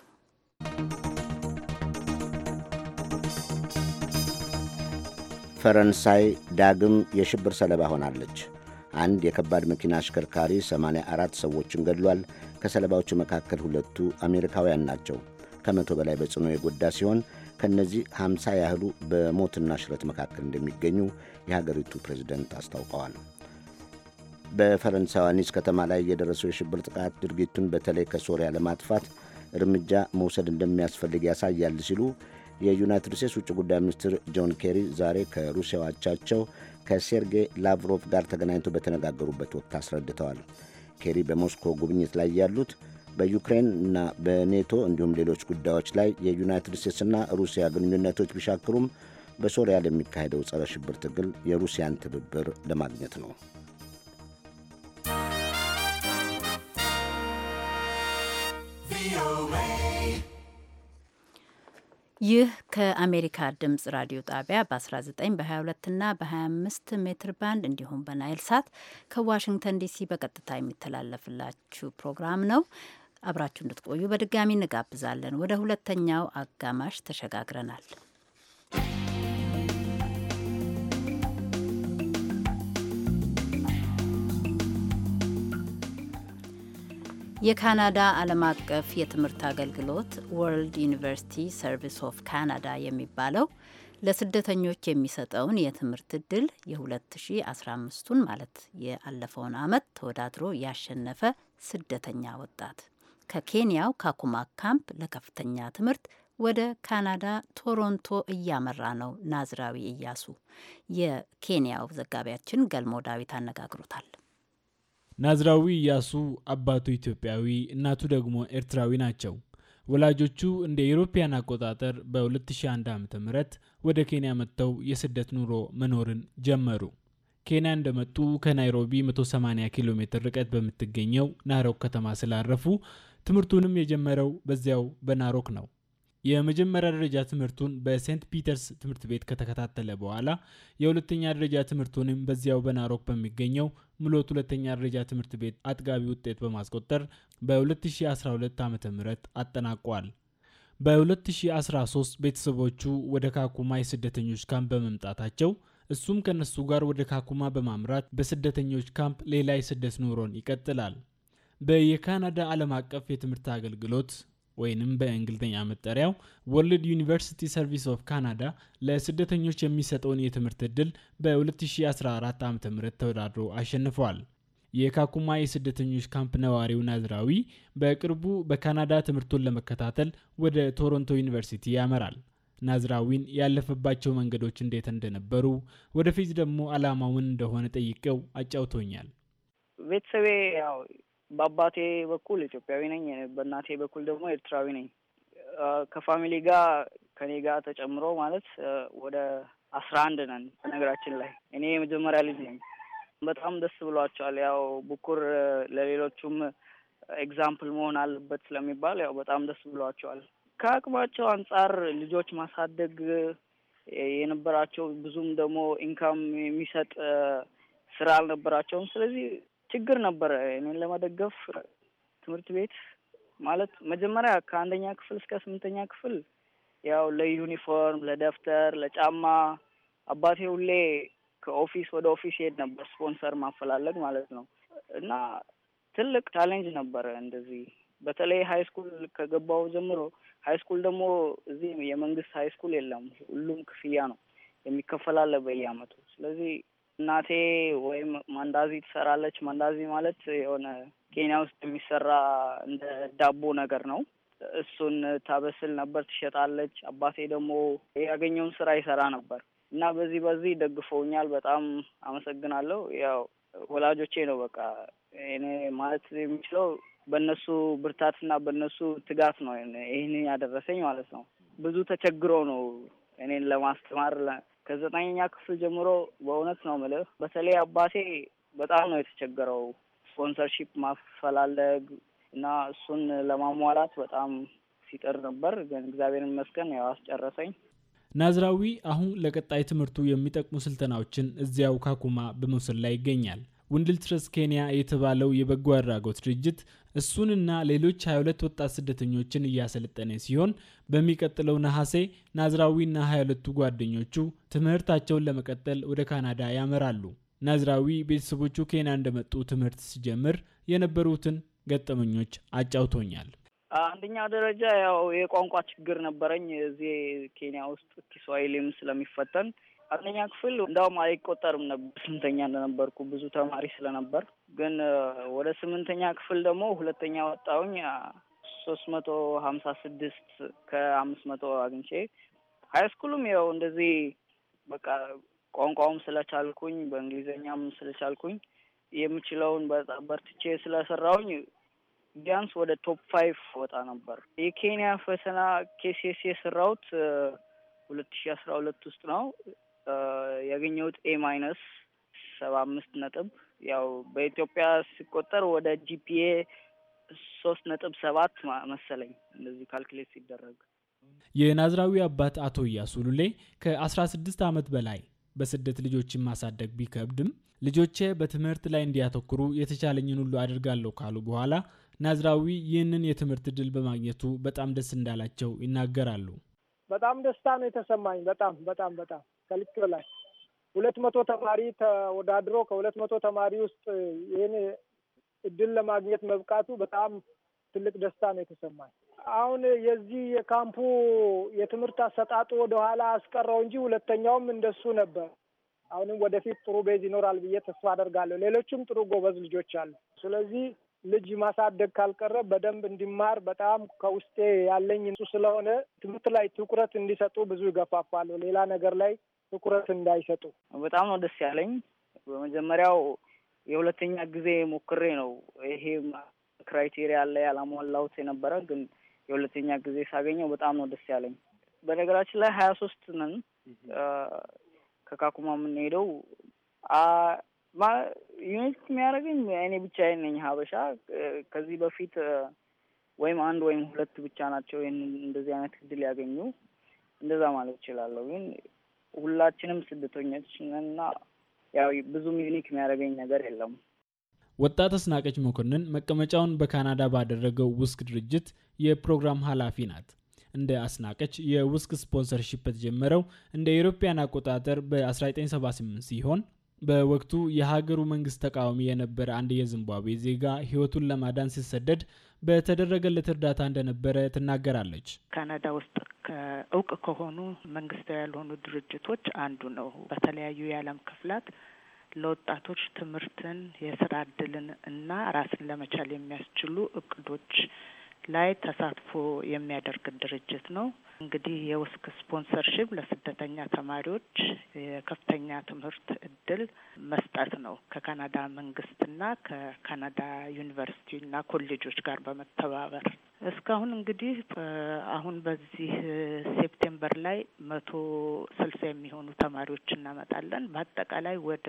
ፈረንሳይ ዳግም የሽብር ሰለባ ሆናለች። አንድ የከባድ መኪና አሽከርካሪ 84 ሰዎችን ገድሏል። ከሰለባዎቹ መካከል ሁለቱ አሜሪካውያን ናቸው። ከመቶ በላይ በጽኑ የጎዳ ሲሆን ከእነዚህ 50 ያህሉ በሞትና ሽረት መካከል እንደሚገኙ የሀገሪቱ ፕሬዝደንት አስታውቀዋል። በፈረንሳይዋ ኒስ ከተማ ላይ የደረሰው የሽብር ጥቃት ድርጊቱን በተለይ ከሶሪያ ለማጥፋት እርምጃ መውሰድ እንደሚያስፈልግ ያሳያል ሲሉ የዩናይትድ ስቴትስ ውጭ ጉዳይ ሚኒስትር ጆን ኬሪ ዛሬ ከሩሲያው አቻቸው ከሴርጌይ ላቭሮቭ ጋር ተገናኝተው በተነጋገሩበት ወቅት አስረድተዋል። ኬሪ በሞስኮ ጉብኝት ላይ ያሉት በዩክሬን እና በኔቶ እንዲሁም ሌሎች ጉዳዮች ላይ የዩናይትድ ስቴትስና ሩሲያ ግንኙነቶች ቢሻክሩም በሶሪያ ለሚካሄደው ጸረ ሽብር ትግል የሩሲያን ትብብር ለማግኘት ነው። ቪኦኤ ይህ ከአሜሪካ ድምጽ ራዲዮ ጣቢያ በ19 በ22 እና በ25 ሜትር ባንድ እንዲሁም በናይል ሳት ከዋሽንግተን ዲሲ በቀጥታ የሚተላለፍላችሁ ፕሮግራም ነው። አብራችሁ እንድትቆዩ በድጋሚ እንጋብዛለን። ወደ ሁለተኛው አጋማሽ ተሸጋግረናል። የካናዳ ዓለም አቀፍ የትምህርት አገልግሎት ወርልድ ዩኒቨርሲቲ ሰርቪስ ኦፍ ካናዳ የሚባለው ለስደተኞች የሚሰጠውን የትምህርት እድል የ2015ቱን ማለት የአለፈውን ዓመት ተወዳድሮ ያሸነፈ ስደተኛ ወጣት ከኬንያው ካኩማ ካምፕ ለከፍተኛ ትምህርት ወደ ካናዳ ቶሮንቶ እያመራ ነው። ናዝራዊ እያሱ የኬንያው ዘጋቢያችን ገልሞ ዳዊት አነጋግሮታል። ናዝራዊ ያሱ አባቱ ኢትዮጵያዊ እናቱ ደግሞ ኤርትራዊ ናቸው። ወላጆቹ እንደ ኢሮፓያን አቆጣጠር በ2001 ዓ ም ወደ ኬንያ መጥተው የስደት ኑሮ መኖርን ጀመሩ። ኬንያ እንደመጡ ከናይሮቢ 180 ኪሎ ሜትር ርቀት በምትገኘው ናሮክ ከተማ ስላረፉ ትምህርቱንም የጀመረው በዚያው በናሮክ ነው። የመጀመሪያ ደረጃ ትምህርቱን በሴንት ፒተርስ ትምህርት ቤት ከተከታተለ በኋላ የሁለተኛ ደረጃ ትምህርቱንም በዚያው በናሮክ በሚገኘው ምሎት ሁለተኛ ደረጃ ትምህርት ቤት አጥጋቢ ውጤት በማስቆጠር በ2012 ዓ ም አጠናቋል። በ2013 ቤተሰቦቹ ወደ ካኩማ የስደተኞች ካምፕ በመምጣታቸው እሱም ከነሱ ጋር ወደ ካኩማ በማምራት በስደተኞች ካምፕ ሌላ የስደት ኑሮን ይቀጥላል። በየካናዳ ዓለም አቀፍ የትምህርት አገልግሎት ወይንም በእንግሊዝኛ መጠሪያው ወርልድ ዩኒቨርሲቲ ሰርቪስ ኦፍ ካናዳ ለስደተኞች የሚሰጠውን የትምህርት ዕድል በ2014 ዓ ም ተወዳድሮ አሸንፈዋል። የካኩማ የስደተኞች ካምፕ ነዋሪው ናዝራዊ በቅርቡ በካናዳ ትምህርቱን ለመከታተል ወደ ቶሮንቶ ዩኒቨርሲቲ ያመራል። ናዝራዊን ያለፈባቸው መንገዶች እንዴት እንደነበሩ ወደፊት ደግሞ አላማውን እንደሆነ ጠይቀው አጫውቶኛል። ቤተሰቤ ያው በአባቴ በኩል ኢትዮጵያዊ ነኝ፣ በእናቴ በኩል ደግሞ ኤርትራዊ ነኝ። ከፋሚሊ ጋር ከኔ ጋር ተጨምሮ ማለት ወደ አስራ አንድ ነን። በነገራችን ላይ እኔ የመጀመሪያ ልጅ ነኝ። በጣም ደስ ብሏቸዋል። ያው ብኩር ለሌሎቹም ኤግዛምፕል መሆን አለበት ስለሚባል ያው በጣም ደስ ብሏቸዋል። ከአቅማቸው አንጻር ልጆች ማሳደግ የነበራቸው ብዙም ደግሞ ኢንካም የሚሰጥ ስራ አልነበራቸውም። ስለዚህ ችግር ነበረ። እኔን ለመደገፍ ትምህርት ቤት ማለት መጀመሪያ ከአንደኛ ክፍል እስከ ስምንተኛ ክፍል ያው ለዩኒፎርም፣ ለደብተር፣ ለጫማ አባቴ ሁሌ ከኦፊስ ወደ ኦፊስ ይሄድ ነበር፣ ስፖንሰር ማፈላለግ ማለት ነው። እና ትልቅ ቻሌንጅ ነበረ እንደዚህ በተለይ ሀይ ስኩል ከገባው ጀምሮ ሀይ ስኩል ደግሞ እዚህ የመንግስት ሀይ ስኩል የለም፣ ሁሉም ክፍያ ነው የሚከፈላለ በየአመቱ። ስለዚህ እናቴ ወይም ማንዳዚ ትሰራለች። ማንዳዚ ማለት የሆነ ኬንያ ውስጥ የሚሰራ እንደ ዳቦ ነገር ነው። እሱን ታበስል ነበር፣ ትሸጣለች። አባቴ ደግሞ ያገኘውን ስራ ይሰራ ነበር እና በዚህ በዚህ ደግፈውኛል። በጣም አመሰግናለሁ። ያው ወላጆቼ ነው በቃ እኔ ማለት የሚችለው በእነሱ ብርታትና በእነሱ ትጋት ነው ይህንን ያደረሰኝ ማለት ነው። ብዙ ተቸግሮ ነው እኔን ለማስተማር ከዘጠነኛ ክፍል ጀምሮ በእውነት ነው ምልህ በተለይ አባቴ በጣም ነው የተቸገረው። ስፖንሰርሺፕ ማፈላለግ እና እሱን ለማሟላት በጣም ሲጥር ነበር። ግን እግዚአብሔር ይመስገን ያው አስጨረሰኝ። ናዝራዊ አሁን ለቀጣይ ትምህርቱ የሚጠቅሙ ስልጠናዎችን እዚያው ካኩማ በመውሰድ ላይ ይገኛል። ውንድልትረስ ኬንያ የተባለው የበጎ አድራጎት ድርጅት እሱንና ሌሎች 22 ወጣት ስደተኞችን እያሰለጠነ ሲሆን በሚቀጥለው ነሐሴ ናዝራዊና 22ቱ ጓደኞቹ ትምህርታቸውን ለመቀጠል ወደ ካናዳ ያመራሉ። ናዝራዊ ቤተሰቦቹ ኬንያ እንደመጡ ትምህርት ሲጀምር የነበሩትን ገጠመኞች አጫውቶኛል። አንደኛ ደረጃ ያው የቋንቋ ችግር ነበረኝ። እዚህ ኬንያ ውስጥ ኪስዋሂሊም ስለሚፈተን አንደኛ ክፍል እንዳውም አይቆጠርም ነበር ስምንተኛ እንደነበርኩ ብዙ ተማሪ ስለነበር። ግን ወደ ስምንተኛ ክፍል ደግሞ ሁለተኛ ወጣሁኝ ሶስት መቶ ሀምሳ ስድስት ከአምስት መቶ አግኝቼ ሀይ ያው እንደዚህ በቃ ቋንቋውም ስለቻልኩኝ በእንግሊዝኛም ስለቻልኩኝ የምችለውን በርትቼ ስለሰራውኝ ቢያንስ ወደ ቶፕ ፋይቭ ወጣ ነበር። የኬንያ ፈተና ኬሲኤስ የሰራሁት ሁለት ሺ አስራ ሁለት ውስጥ ነው። ያገኘሁት ኤ ማይነስ ሰባ አምስት ነጥብ ያው በኢትዮጵያ ሲቆጠር ወደ ጂፒኤ ሶስት ነጥብ ሰባት መሰለኝ እንደዚህ ካልኩሌት ሲደረግ። የናዝራዊ አባት አቶ እያሱ ሉሌ ከ16 ዓመት በላይ በስደት ልጆችን ማሳደግ ቢከብድም ልጆቼ በትምህርት ላይ እንዲያተኩሩ የተቻለኝን ሁሉ አድርጋለሁ ካሉ በኋላ ናዝራዊ ይህንን የትምህርት ድል በማግኘቱ በጣም ደስ እንዳላቸው ይናገራሉ። በጣም ደስታ ነው የተሰማኝ። በጣም በጣም በጣም ከልክ በላይ ሁለት መቶ ተማሪ ተወዳድሮ ከሁለት መቶ ተማሪ ውስጥ ይህን እድል ለማግኘት መብቃቱ በጣም ትልቅ ደስታ ነው የተሰማኝ። አሁን የዚህ የካምፑ የትምህርት አሰጣጡ ወደኋላ አስቀረው እንጂ ሁለተኛውም እንደሱ ነበር። አሁንም ወደፊት ጥሩ ቤዝ ይኖራል ብዬ ተስፋ አደርጋለሁ። ሌሎችም ጥሩ ጎበዝ ልጆች አሉ። ስለዚህ ልጅ ማሳደግ ካልቀረ በደንብ እንዲማር በጣም ከውስጤ ያለኝ እሱ ስለሆነ ትምህርት ላይ ትኩረት እንዲሰጡ ብዙ ይገፋፋሉ። ሌላ ነገር ላይ ትኩረት እንዳይሰጡ በጣም ነው ደስ ያለኝ። በመጀመሪያው የሁለተኛ ጊዜ ሞክሬ ነው ይሄ ክራይቴሪያ ላይ ያላሟላሁት የነበረ ግን የሁለተኛ ጊዜ ሳገኘው በጣም ነው ደስ ያለኝ። በነገራችን ላይ ሀያ ሶስት ነን ከካኩማ የምንሄደው ዩኒክ የሚያደርገኝ እኔ ብቻ ነኝ ሀበሻ። ከዚህ በፊት ወይም አንድ ወይም ሁለት ብቻ ናቸው ይህን እንደዚህ አይነት እድል ያገኙ እንደዛ ማለት ይችላለሁ ግን ሁላችንም ስደተኞች እና ያው ብዙም ዩኒክ የሚያደርገኝ ነገር የለም። ወጣት አስናቀች መኮንን መቀመጫውን በካናዳ ባደረገው ውስክ ድርጅት የፕሮግራም ኃላፊ ናት። እንደ አስናቀች የውስክ ስፖንሰርሺፕ የተጀመረው እንደ ኢሮፓያን አቆጣጠር በ1978 ሲሆን በወቅቱ የሀገሩ መንግስት ተቃዋሚ የነበረ አንድ የዚምባብዌ ዜጋ ህይወቱን ለማዳን ሲሰደድ በተደረገለት እርዳታ እንደነበረ ትናገራለች። ካናዳ ውስጥ ከእውቅ ከሆኑ መንግስታዊ ያልሆኑ ድርጅቶች አንዱ ነው። በተለያዩ የዓለም ክፍላት ለወጣቶች ትምህርትን፣ የስራ እድልን እና ራስን ለመቻል የሚያስችሉ እቅዶች ላይ ተሳትፎ የሚያደርግ ድርጅት ነው። እንግዲህ የውስክ ስፖንሰርሽፕ ለስደተኛ ተማሪዎች የከፍተኛ ትምህርት እድል መስጠት ነው። ከካናዳ መንግስትና ከካናዳ ዩኒቨርሲቲና ኮሌጆች ጋር በመተባበር እስካሁን እንግዲህ አሁን በዚህ ሴፕቴምበር ላይ መቶ ስልሳ የሚሆኑ ተማሪዎች እናመጣለን። በአጠቃላይ ወደ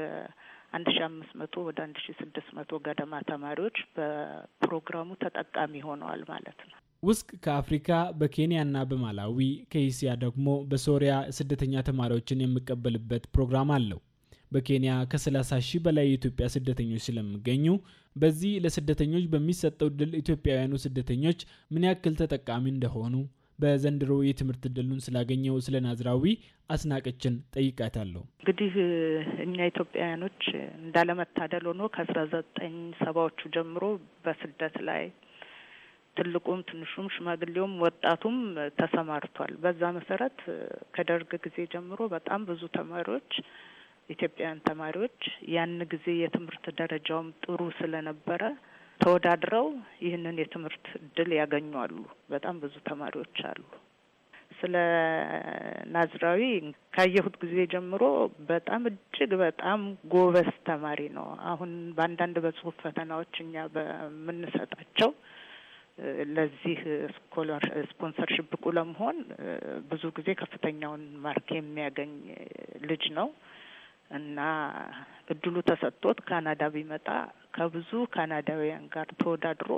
አንድ ሺ አምስት መቶ ወደ አንድ ሺ ስድስት መቶ ገደማ ተማሪዎች በፕሮግራሙ ተጠቃሚ ሆነዋል ማለት ነው። ውስቅ ከአፍሪካ በኬንያና በማላዊ ከኢስያ ደግሞ በሶሪያ ስደተኛ ተማሪዎችን የሚቀበልበት ፕሮግራም አለው። በኬንያ ከ30 ሺህ በላይ የኢትዮጵያ ስደተኞች ስለሚገኙ በዚህ ለስደተኞች በሚሰጠው እድል ኢትዮጵያውያኑ ስደተኞች ምን ያክል ተጠቃሚ እንደሆኑ በዘንድሮ የትምህርት እድሉን ስላገኘው ስለ ናዝራዊ አስናቀችን ጠይቃታለሁ። እንግዲህ እኛ ኢትዮጵያውያኖች እንዳለመታደል ሆኖ ከአስራ ዘጠኝ ሰባዎቹ ጀምሮ በስደት ላይ ትልቁም ትንሹም ሽማግሌውም ወጣቱም ተሰማርቷል። በዛ መሰረት ከደርግ ጊዜ ጀምሮ በጣም ብዙ ተማሪዎች ኢትዮጵያውያን ተማሪዎች ያን ጊዜ የትምህርት ደረጃውም ጥሩ ስለነበረ ተወዳድረው ይህንን የትምህርት እድል ያገኟሉ። በጣም ብዙ ተማሪዎች አሉ። ስለ ናዝራዊ ካየሁት ጊዜ ጀምሮ በጣም እጅግ በጣም ጎበዝ ተማሪ ነው። አሁን በአንዳንድ በጽሁፍ ፈተናዎች እኛ በምንሰጣቸው ለዚህ ስፖንሰርሽ ስፖንሰርሽፕ ብቁ ለመሆን ብዙ ጊዜ ከፍተኛውን ማርክ የሚያገኝ ልጅ ነው እና እድሉ ተሰጥቶት ካናዳ ቢመጣ ከብዙ ካናዳውያን ጋር ተወዳድሮ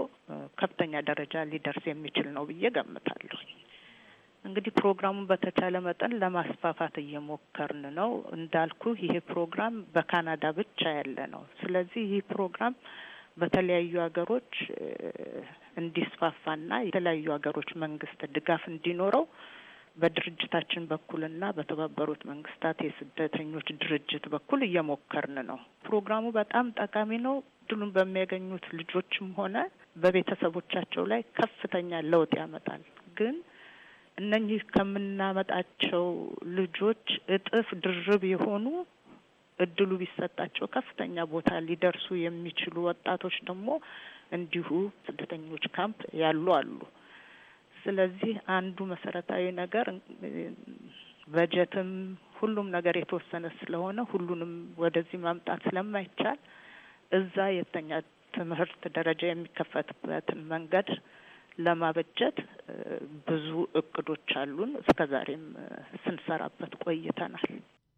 ከፍተኛ ደረጃ ሊደርስ የሚችል ነው ብዬ ገምታለሁ። እንግዲህ ፕሮግራሙን በተቻለ መጠን ለማስፋፋት እየሞከርን ነው። እንዳልኩ ይሄ ፕሮግራም በካናዳ ብቻ ያለ ነው። ስለዚህ ይህ ፕሮግራም በተለያዩ ሀገሮች እንዲስፋፋና የተለያዩ ሀገሮች መንግስት ድጋፍ እንዲኖረው በድርጅታችን በኩልና በተባበሩት መንግስታት የስደተኞች ድርጅት በኩል እየሞከርን ነው። ፕሮግራሙ በጣም ጠቃሚ ነው። እድሉን በሚያገኙት ልጆችም ሆነ በቤተሰቦቻቸው ላይ ከፍተኛ ለውጥ ያመጣል። ግን እነኚህ ከምናመጣቸው ልጆች እጥፍ ድርብ የሆኑ እድሉ ቢሰጣቸው ከፍተኛ ቦታ ሊደርሱ የሚችሉ ወጣቶች ደግሞ እንዲሁ ስደተኞች ካምፕ ያሉ አሉ። ስለዚህ አንዱ መሰረታዊ ነገር በጀትም ሁሉም ነገር የተወሰነ ስለሆነ ሁሉንም ወደዚህ ማምጣት ስለማይቻል እዛ የተኛ ትምህርት ደረጃ የሚከፈትበትን መንገድ ለማበጀት ብዙ እቅዶች አሉን። እስከዛሬም ስንሰራበት ቆይተናል።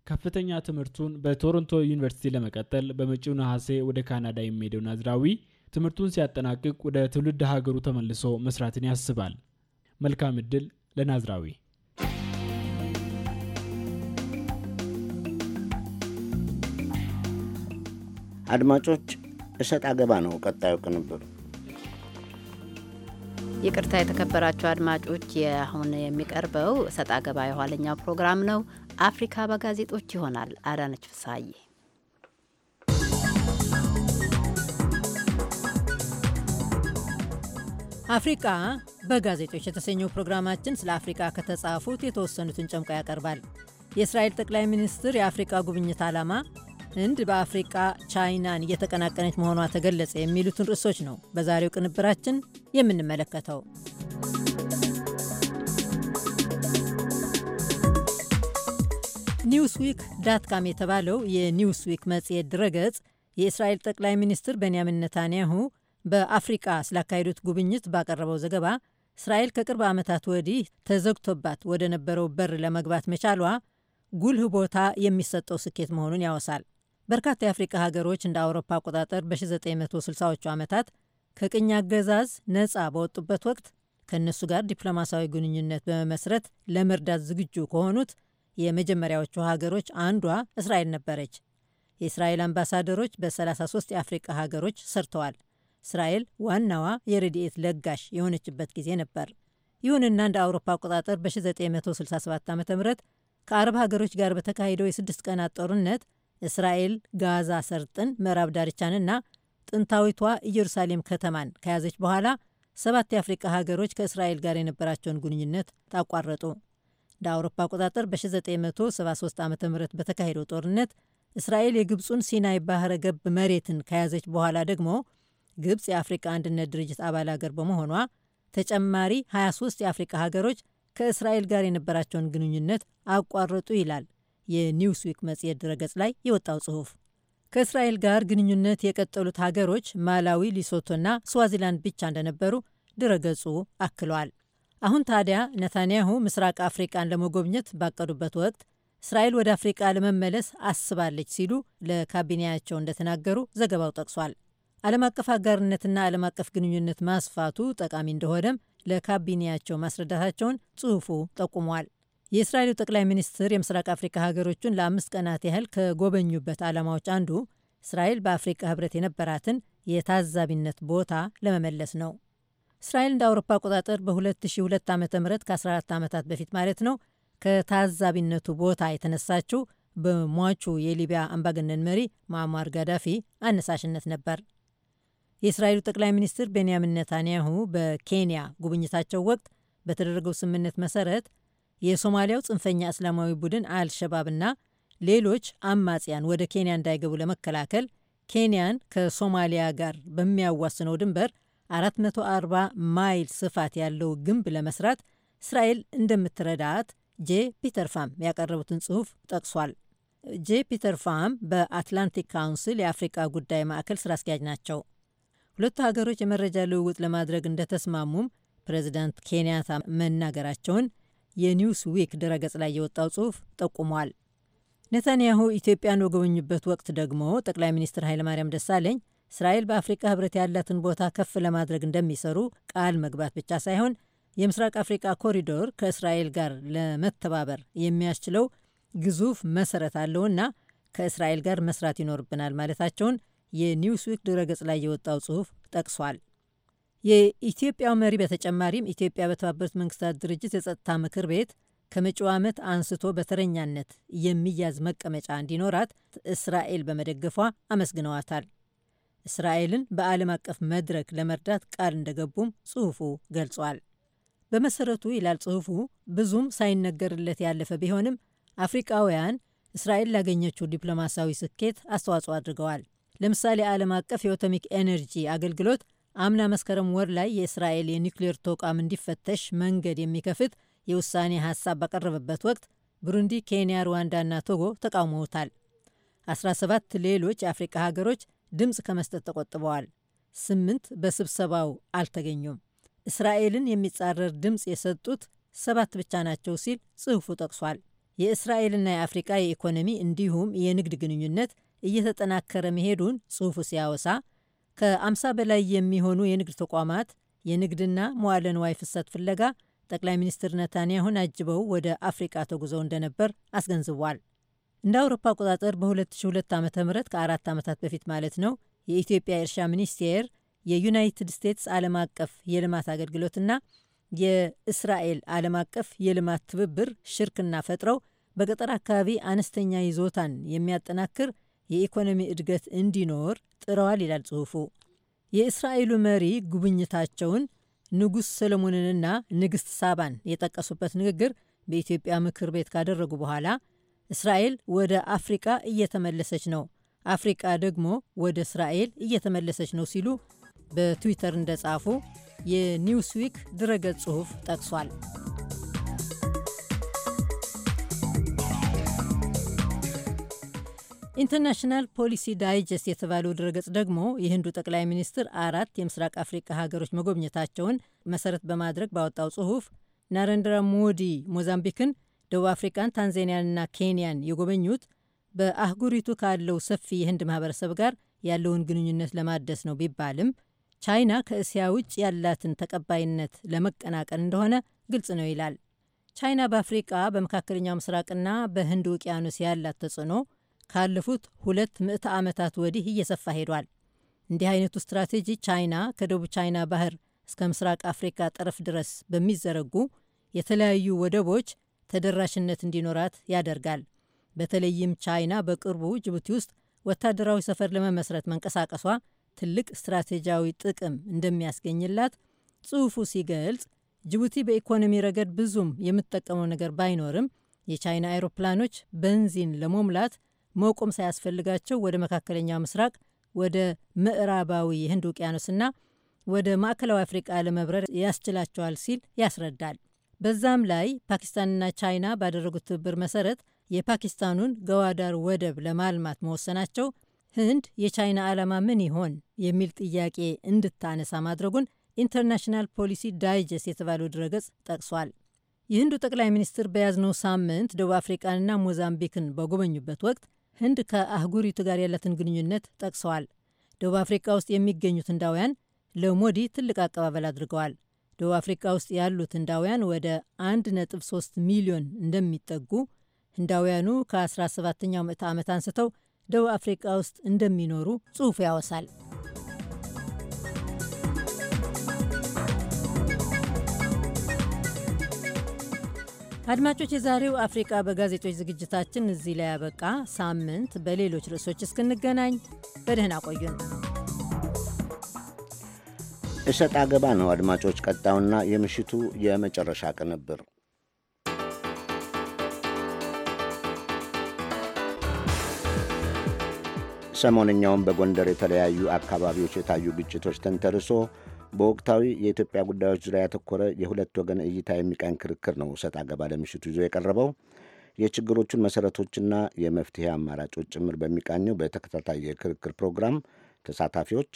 ከፍተኛ ትምህርቱን በቶሮንቶ ዩኒቨርሲቲ ለመቀጠል በመጪው ነሐሴ ወደ ካናዳ የሚሄደው ናዝራዊ ትምህርቱን ሲያጠናቅቅ ወደ ትውልድ ሀገሩ ተመልሶ መስራትን ያስባል። መልካም እድል ለናዝራዊ። አድማጮች፣ እሰጥ አገባ ነው ቀጣዩ ቅንብር። ይቅርታ የተከበራቸው አድማጮች፣ አሁን የሚቀርበው እሰጥ አገባ የኋለኛው ፕሮግራም ነው። አፍሪካ በጋዜጦች ይሆናል። አዳነች ፍሳዬ አፍሪቃ በጋዜጦች የተሰኘው ፕሮግራማችን ስለ አፍሪቃ ከተጻፉት የተወሰኑትን ጨምቆ ያቀርባል። የእስራኤል ጠቅላይ ሚኒስትር የአፍሪቃ ጉብኝት ዓላማ ህንድ በአፍሪቃ ቻይናን እየተቀናቀነች መሆኗ ተገለጸ የሚሉትን ርዕሶች ነው በዛሬው ቅንብራችን የምንመለከተው። ኒውስዊክ ዳትካም የተባለው የኒውስዊክ መጽሔት ድረገጽ የእስራኤል ጠቅላይ ሚኒስትር ቤንያሚን ነታንያሁ በአፍሪቃ ስላካሄዱት ጉብኝት ባቀረበው ዘገባ እስራኤል ከቅርብ ዓመታት ወዲህ ተዘግቶባት ወደ ነበረው በር ለመግባት መቻሏ ጉልህ ቦታ የሚሰጠው ስኬት መሆኑን ያወሳል። በርካታ የአፍሪቃ ሀገሮች እንደ አውሮፓ አቆጣጠር በ1960ዎቹ ዓመታት ከቅኝ አገዛዝ ነፃ በወጡበት ወቅት ከእነሱ ጋር ዲፕሎማሲያዊ ግንኙነት በመመስረት ለመርዳት ዝግጁ ከሆኑት የመጀመሪያዎቹ ሀገሮች አንዷ እስራኤል ነበረች። የእስራኤል አምባሳደሮች በ33 የአፍሪቃ ሀገሮች ሰርተዋል። እስራኤል ዋናዋ የረድኤት ለጋሽ የሆነችበት ጊዜ ነበር። ይሁንና እንደ አውሮፓ አቆጣጠር በ1967 ዓ ም ከአረብ ሀገሮች ጋር በተካሄደው የስድስት ቀናት ጦርነት እስራኤል ጋዛ ሰርጥን ምዕራብ ዳርቻንና ጥንታዊቷ ኢየሩሳሌም ከተማን ከያዘች በኋላ ሰባት የአፍሪቃ ሀገሮች ከእስራኤል ጋር የነበራቸውን ግንኙነት ታቋረጡ። እንደ አውሮፓ አቆጣጠር በ1973 ዓ ም በተካሄደው ጦርነት እስራኤል የግብፁን ሲናይ ባህረ ገብ መሬትን ከያዘች በኋላ ደግሞ ግብፅ የአፍሪካ አንድነት ድርጅት አባል ሀገር በመሆኗ ተጨማሪ 23 የአፍሪካ ሀገሮች ከእስራኤል ጋር የነበራቸውን ግንኙነት አቋረጡ ይላል የኒውስዊክ መጽሔት ድረገጽ ላይ የወጣው ጽሑፍ። ከእስራኤል ጋር ግንኙነት የቀጠሉት ሀገሮች ማላዊ፣ ሊሶቶና ስዋዚላንድ ብቻ እንደነበሩ ድረገጹ አክሏል። አሁን ታዲያ ነታንያሁ ምስራቅ አፍሪቃን ለመጎብኘት ባቀዱበት ወቅት እስራኤል ወደ አፍሪቃ ለመመለስ አስባለች ሲሉ ለካቢኔያቸው እንደተናገሩ ዘገባው ጠቅሷል። ዓለም አቀፍ አጋርነትና ዓለም አቀፍ ግንኙነት ማስፋቱ ጠቃሚ እንደሆነም ለካቢኔያቸው ማስረዳታቸውን ጽሑፉ ጠቁሟል። የእስራኤሉ ጠቅላይ ሚኒስትር የምስራቅ አፍሪካ ሀገሮችን ለአምስት ቀናት ያህል ከጎበኙበት ዓላማዎች አንዱ እስራኤል በአፍሪካ ህብረት የነበራትን የታዛቢነት ቦታ ለመመለስ ነው። እስራኤል እንደ አውሮፓ አቆጣጠር በ2002 ዓ ም ከ14 ዓመታት በፊት ማለት ነው ከታዛቢነቱ ቦታ የተነሳችው በሟቹ የሊቢያ አምባገነን መሪ ማዕማር ጋዳፊ አነሳሽነት ነበር። የእስራኤሉ ጠቅላይ ሚኒስትር ቤንያሚን ነታንያሁ በኬንያ ጉብኝታቸው ወቅት በተደረገው ስምምነት መሰረት የሶማሊያው ጽንፈኛ እስላማዊ ቡድን አልሸባብና ሌሎች አማጽያን ወደ ኬንያ እንዳይገቡ ለመከላከል ኬንያን ከሶማሊያ ጋር በሚያዋስነው ድንበር 440 ማይል ስፋት ያለው ግንብ ለመስራት እስራኤል እንደምትረዳት ጄ ፒተር ፋም ያቀረቡትን ጽሑፍ ጠቅሷል። ጄ ፒተር ፋም በአትላንቲክ ካውንስል የአፍሪቃ ጉዳይ ማዕከል ስራ አስኪያጅ ናቸው። ሁለቱ ሀገሮች የመረጃ ልውውጥ ለማድረግ እንደተስማሙም ፕሬዚዳንት ኬንያታ መናገራቸውን የኒውስ ዊክ ድረገጽ ላይ የወጣው ጽሑፍ ጠቁሟል። ኔታንያሁ ኢትዮጵያን በጎበኙበት ወቅት ደግሞ ጠቅላይ ሚኒስትር ኃይለማርያም ደሳለኝ እስራኤል በአፍሪካ ህብረት ያላትን ቦታ ከፍ ለማድረግ እንደሚሰሩ ቃል መግባት ብቻ ሳይሆን የምስራቅ አፍሪካ ኮሪዶር ከእስራኤል ጋር ለመተባበር የሚያስችለው ግዙፍ መሰረት አለውና ከእስራኤል ጋር መስራት ይኖርብናል ማለታቸውን የኒውስዊክ ድረገጽ ላይ የወጣው ጽሑፍ ጠቅሷል። የኢትዮጵያው መሪ በተጨማሪም ኢትዮጵያ በተባበሩት መንግስታት ድርጅት የጸጥታ ምክር ቤት ከመጪው ዓመት አንስቶ በተረኛነት የሚያዝ መቀመጫ እንዲኖራት እስራኤል በመደገፏ አመስግነዋታል። እስራኤልን በዓለም አቀፍ መድረክ ለመርዳት ቃል እንደገቡም ጽሑፉ ገልጿል። በመሰረቱ ይላል ጽሑፉ፣ ብዙም ሳይነገርለት ያለፈ ቢሆንም አፍሪቃውያን እስራኤል ላገኘችው ዲፕሎማሲያዊ ስኬት አስተዋጽኦ አድርገዋል። ለምሳሌ ዓለም አቀፍ የኦቶሚክ ኤነርጂ አገልግሎት አምና መስከረም ወር ላይ የእስራኤል የኒውክሌር ተቋም እንዲፈተሽ መንገድ የሚከፍት የውሳኔ ሐሳብ ባቀረበበት ወቅት ብሩንዲ፣ ኬንያ፣ ሩዋንዳና ቶጎ ተቃውመውታል። 17 ሌሎች የአፍሪቃ ሀገሮች ድምፅ ከመስጠት ተቆጥበዋል። ስምንት በስብሰባው አልተገኙም። እስራኤልን የሚጻረር ድምፅ የሰጡት ሰባት ብቻ ናቸው ሲል ጽሑፉ ጠቅሷል። የእስራኤልና የአፍሪቃ የኢኮኖሚ እንዲሁም የንግድ ግንኙነት እየተጠናከረ መሄዱን ጽሑፉ ሲያወሳ ከ50 በላይ የሚሆኑ የንግድ ተቋማት የንግድና መዋለ ንዋይ ፍሰት ፍለጋ ጠቅላይ ሚኒስትር ነታንያሁን አጅበው ወደ አፍሪቃ ተጉዘው እንደነበር አስገንዝቧል። እንደ አውሮፓ አቆጣጠር በ2002 ዓ ም ከአራት ዓመታት በፊት ማለት ነው የኢትዮጵያ እርሻ ሚኒስቴር የዩናይትድ ስቴትስ ዓለም አቀፍ የልማት አገልግሎትና የእስራኤል ዓለም አቀፍ የልማት ትብብር ሽርክና ፈጥረው በገጠር አካባቢ አነስተኛ ይዞታን የሚያጠናክር የኢኮኖሚ እድገት እንዲኖር ጥረዋል ይላል ጽሑፉ። የእስራኤሉ መሪ ጉብኝታቸውን ንጉሥ ሰለሞንንና ንግሥት ሳባን የጠቀሱበት ንግግር በኢትዮጵያ ምክር ቤት ካደረጉ በኋላ እስራኤል ወደ አፍሪቃ እየተመለሰች ነው፣ አፍሪቃ ደግሞ ወደ እስራኤል እየተመለሰች ነው ሲሉ በትዊተር እንደጻፉ የኒውስዊክ ድረገጽ ጽሑፍ ጠቅሷል። ኢንተርናሽናል ፖሊሲ ዳይጀስት የተባለው ድረገጽ ደግሞ የህንዱ ጠቅላይ ሚኒስትር አራት የምስራቅ አፍሪካ ሀገሮች መጎብኘታቸውን መሰረት በማድረግ ባወጣው ጽሁፍ ናረንድራ ሞዲ ሞዛምቢክን፣ ደቡብ አፍሪካን፣ ታንዛኒያንና ኬንያን የጎበኙት በአህጉሪቱ ካለው ሰፊ የህንድ ማህበረሰብ ጋር ያለውን ግንኙነት ለማደስ ነው ቢባልም ቻይና ከእስያ ውጭ ያላትን ተቀባይነት ለመቀናቀል እንደሆነ ግልጽ ነው ይላል። ቻይና በአፍሪቃ በመካከለኛው ምስራቅና በህንድ ውቅያኖስ ያላት ተጽዕኖ ካለፉት ሁለት ምዕተ ዓመታት ወዲህ እየሰፋ ሄዷል። እንዲህ አይነቱ ስትራቴጂ ቻይና ከደቡብ ቻይና ባህር እስከ ምስራቅ አፍሪካ ጠረፍ ድረስ በሚዘረጉ የተለያዩ ወደቦች ተደራሽነት እንዲኖራት ያደርጋል። በተለይም ቻይና በቅርቡ ጅቡቲ ውስጥ ወታደራዊ ሰፈር ለመመስረት መንቀሳቀሷ ትልቅ ስትራቴጂያዊ ጥቅም እንደሚያስገኝላት ጽሑፉ ሲገልጽ፣ ጅቡቲ በኢኮኖሚ ረገድ ብዙም የምትጠቀመው ነገር ባይኖርም የቻይና አይሮፕላኖች በንዚን ለመሙላት መቆም ሳያስፈልጋቸው ወደ መካከለኛው ምስራቅ፣ ወደ ምዕራባዊ ህንድ ውቅያኖስና ወደ ማዕከላዊ አፍሪቃ ለመብረር ያስችላቸዋል ሲል ያስረዳል። በዛም ላይ ፓኪስታንና ቻይና ባደረጉት ትብብር መሰረት የፓኪስታኑን ገዋዳር ወደብ ለማልማት መወሰናቸው ህንድ የቻይና ዓላማ ምን ይሆን የሚል ጥያቄ እንድታነሳ ማድረጉን ኢንተርናሽናል ፖሊሲ ዳይጀስት የተባለው ድረገጽ ጠቅሷል። የህንዱ ጠቅላይ ሚኒስትር በያዝነው ሳምንት ደቡብ አፍሪቃንና ሞዛምቢክን በጎበኙበት ወቅት ህንድ ከአህጉሪቱ ጋር ያላትን ግንኙነት ጠቅሰዋል። ደቡብ አፍሪካ ውስጥ የሚገኙት ህንዳውያን ለሞዲ ትልቅ አቀባበል አድርገዋል። ደቡብ አፍሪካ ውስጥ ያሉት ህንዳውያን ወደ 1.3 ሚሊዮን እንደሚጠጉ ህንዳውያኑ ከ17ኛው ምዕተ ዓመት አንስተው ደቡብ አፍሪካ ውስጥ እንደሚኖሩ ጽሑፉ ያወሳል። አድማጮች፣ የዛሬው አፍሪቃ በጋዜጦች ዝግጅታችን እዚህ ላይ ያበቃ። ሳምንት በሌሎች ርዕሶች እስክንገናኝ በደህና ቆዩን እሰጥ አገባ ነው አድማጮች። ቀጣውና የምሽቱ የመጨረሻ ቅንብር ሰሞንኛውን በጎንደር የተለያዩ አካባቢዎች የታዩ ግጭቶች ተንተርሶ በወቅታዊ የኢትዮጵያ ጉዳዮች ዙሪያ ያተኮረ የሁለት ወገን እይታ የሚቃኝ ክርክር ነው ሰጥ አገባ ለምሽቱ ይዞ የቀረበው። የችግሮቹን መሰረቶችና የመፍትሄ አማራጮች ጭምር በሚቃኘው በተከታታይ የክርክር ፕሮግራም ተሳታፊዎች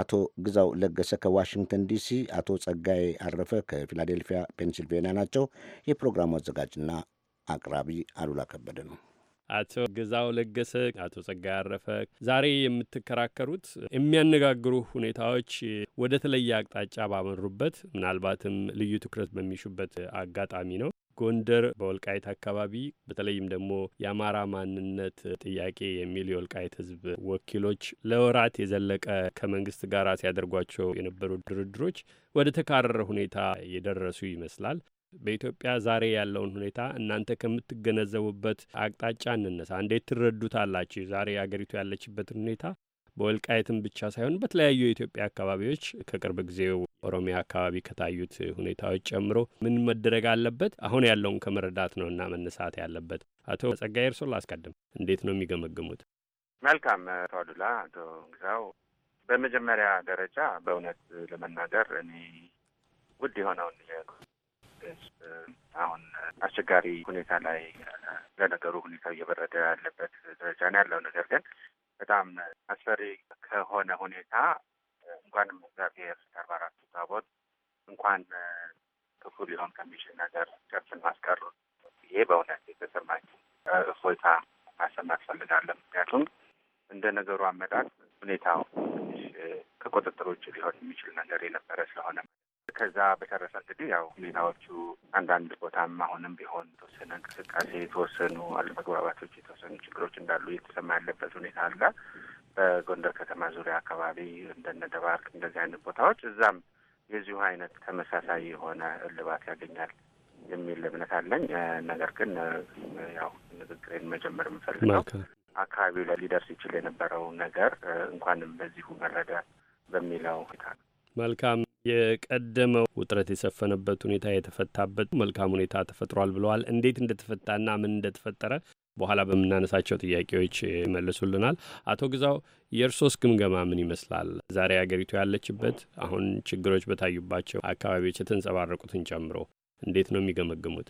አቶ ግዛው ለገሰ ከዋሽንግተን ዲሲ፣ አቶ ጸጋዬ አረፈ ከፊላዴልፊያ ፔንሲልቬንያ ናቸው። የፕሮግራሙ አዘጋጅና አቅራቢ አሉላ ከበደ ነው። አቶ ገዛው ለገሰ፣ አቶ ጸጋ ያረፈ ዛሬ የምትከራከሩት የሚያነጋግሩ ሁኔታዎች ወደ ተለየ አቅጣጫ ባመሩበት ምናልባትም ልዩ ትኩረት በሚሹበት አጋጣሚ ነው። ጎንደር በወልቃይት አካባቢ በተለይም ደግሞ የአማራ ማንነት ጥያቄ የሚል የወልቃይት ሕዝብ ወኪሎች ለወራት የዘለቀ ከመንግስት ጋር ሲያደርጓቸው የነበሩ ድርድሮች ወደ ተካረረ ሁኔታ የደረሱ ይመስላል። በኢትዮጵያ ዛሬ ያለውን ሁኔታ እናንተ ከምትገነዘቡበት አቅጣጫ እንነሳ። እንዴት ትረዱታላችሁ? ዛሬ አገሪቱ ያለችበትን ሁኔታ በወልቃየትም ብቻ ሳይሆን በተለያዩ የኢትዮጵያ አካባቢዎች ከቅርብ ጊዜው ኦሮሚያ አካባቢ ከታዩት ሁኔታዎች ጨምሮ ምን መደረግ አለበት? አሁን ያለውን ከመረዳት ነው እና መነሳት ያለበት። አቶ ጸጋይ እርሶ ላስቀድም፣ እንዴት ነው የሚገመግሙት? መልካም አቶ አዱላ፣ አቶ ግዛው፣ በመጀመሪያ ደረጃ በእውነት ለመናገር እኔ ውድ የሆነውን አሁን አስቸጋሪ ሁኔታ ላይ ለነገሩ ሁኔታው እየበረደ ያለበት ደረጃ ነው ያለው። ነገር ግን በጣም አስፈሪ ከሆነ ሁኔታ እንኳንም እግዚአብሔር አርባ አራቱ ታቦት እንኳን ክፉ ሊሆን ከሚችል ነገር ጨርሰን ማስቀር ይሄ በእውነት የተሰማኝ እፎይታ ማሰማት ፈልጋለሁ። ምክንያቱም እንደ ነገሩ አመጣት ሁኔታው ትንሽ ከቁጥጥር ውጭ ሊሆን የሚችል ነገር የነበረ ስለሆነ ከዛ በተረፈ እንግዲህ ያው ሁኔታዎቹ አንዳንድ ቦታም አሁንም ቢሆን የተወሰነ እንቅስቃሴ፣ የተወሰኑ አለመግባባቶች፣ የተወሰኑ ችግሮች እንዳሉ እየተሰማ ያለበት ሁኔታ አለ። በጎንደር ከተማ ዙሪያ አካባቢ እንደነ ደባርቅ እንደዚህ አይነት ቦታዎች እዛም የዚሁ አይነት ተመሳሳይ የሆነ እልባት ያገኛል የሚል እምነት አለኝ። ነገር ግን ያው ንግግሬን መጀመር የምፈልገው አካባቢው ላይ ሊደርስ ይችል የነበረው ነገር እንኳንም በዚሁ መረደ በሚለው ሁኔታ ነው። መልካም የቀደመው ውጥረት የሰፈነበት ሁኔታ የተፈታበት መልካም ሁኔታ ተፈጥሯል ብለዋል። እንዴት እንደተፈታና ምን እንደተፈጠረ በኋላ በምናነሳቸው ጥያቄዎች ይመልሱልናል። አቶ ግዛው የእርሶስ ግምገማ ምን ይመስላል? ዛሬ አገሪቱ ያለችበት አሁን ችግሮች በታዩባቸው አካባቢዎች የተንጸባረቁትን ጨምሮ እንዴት ነው የሚገመግሙት?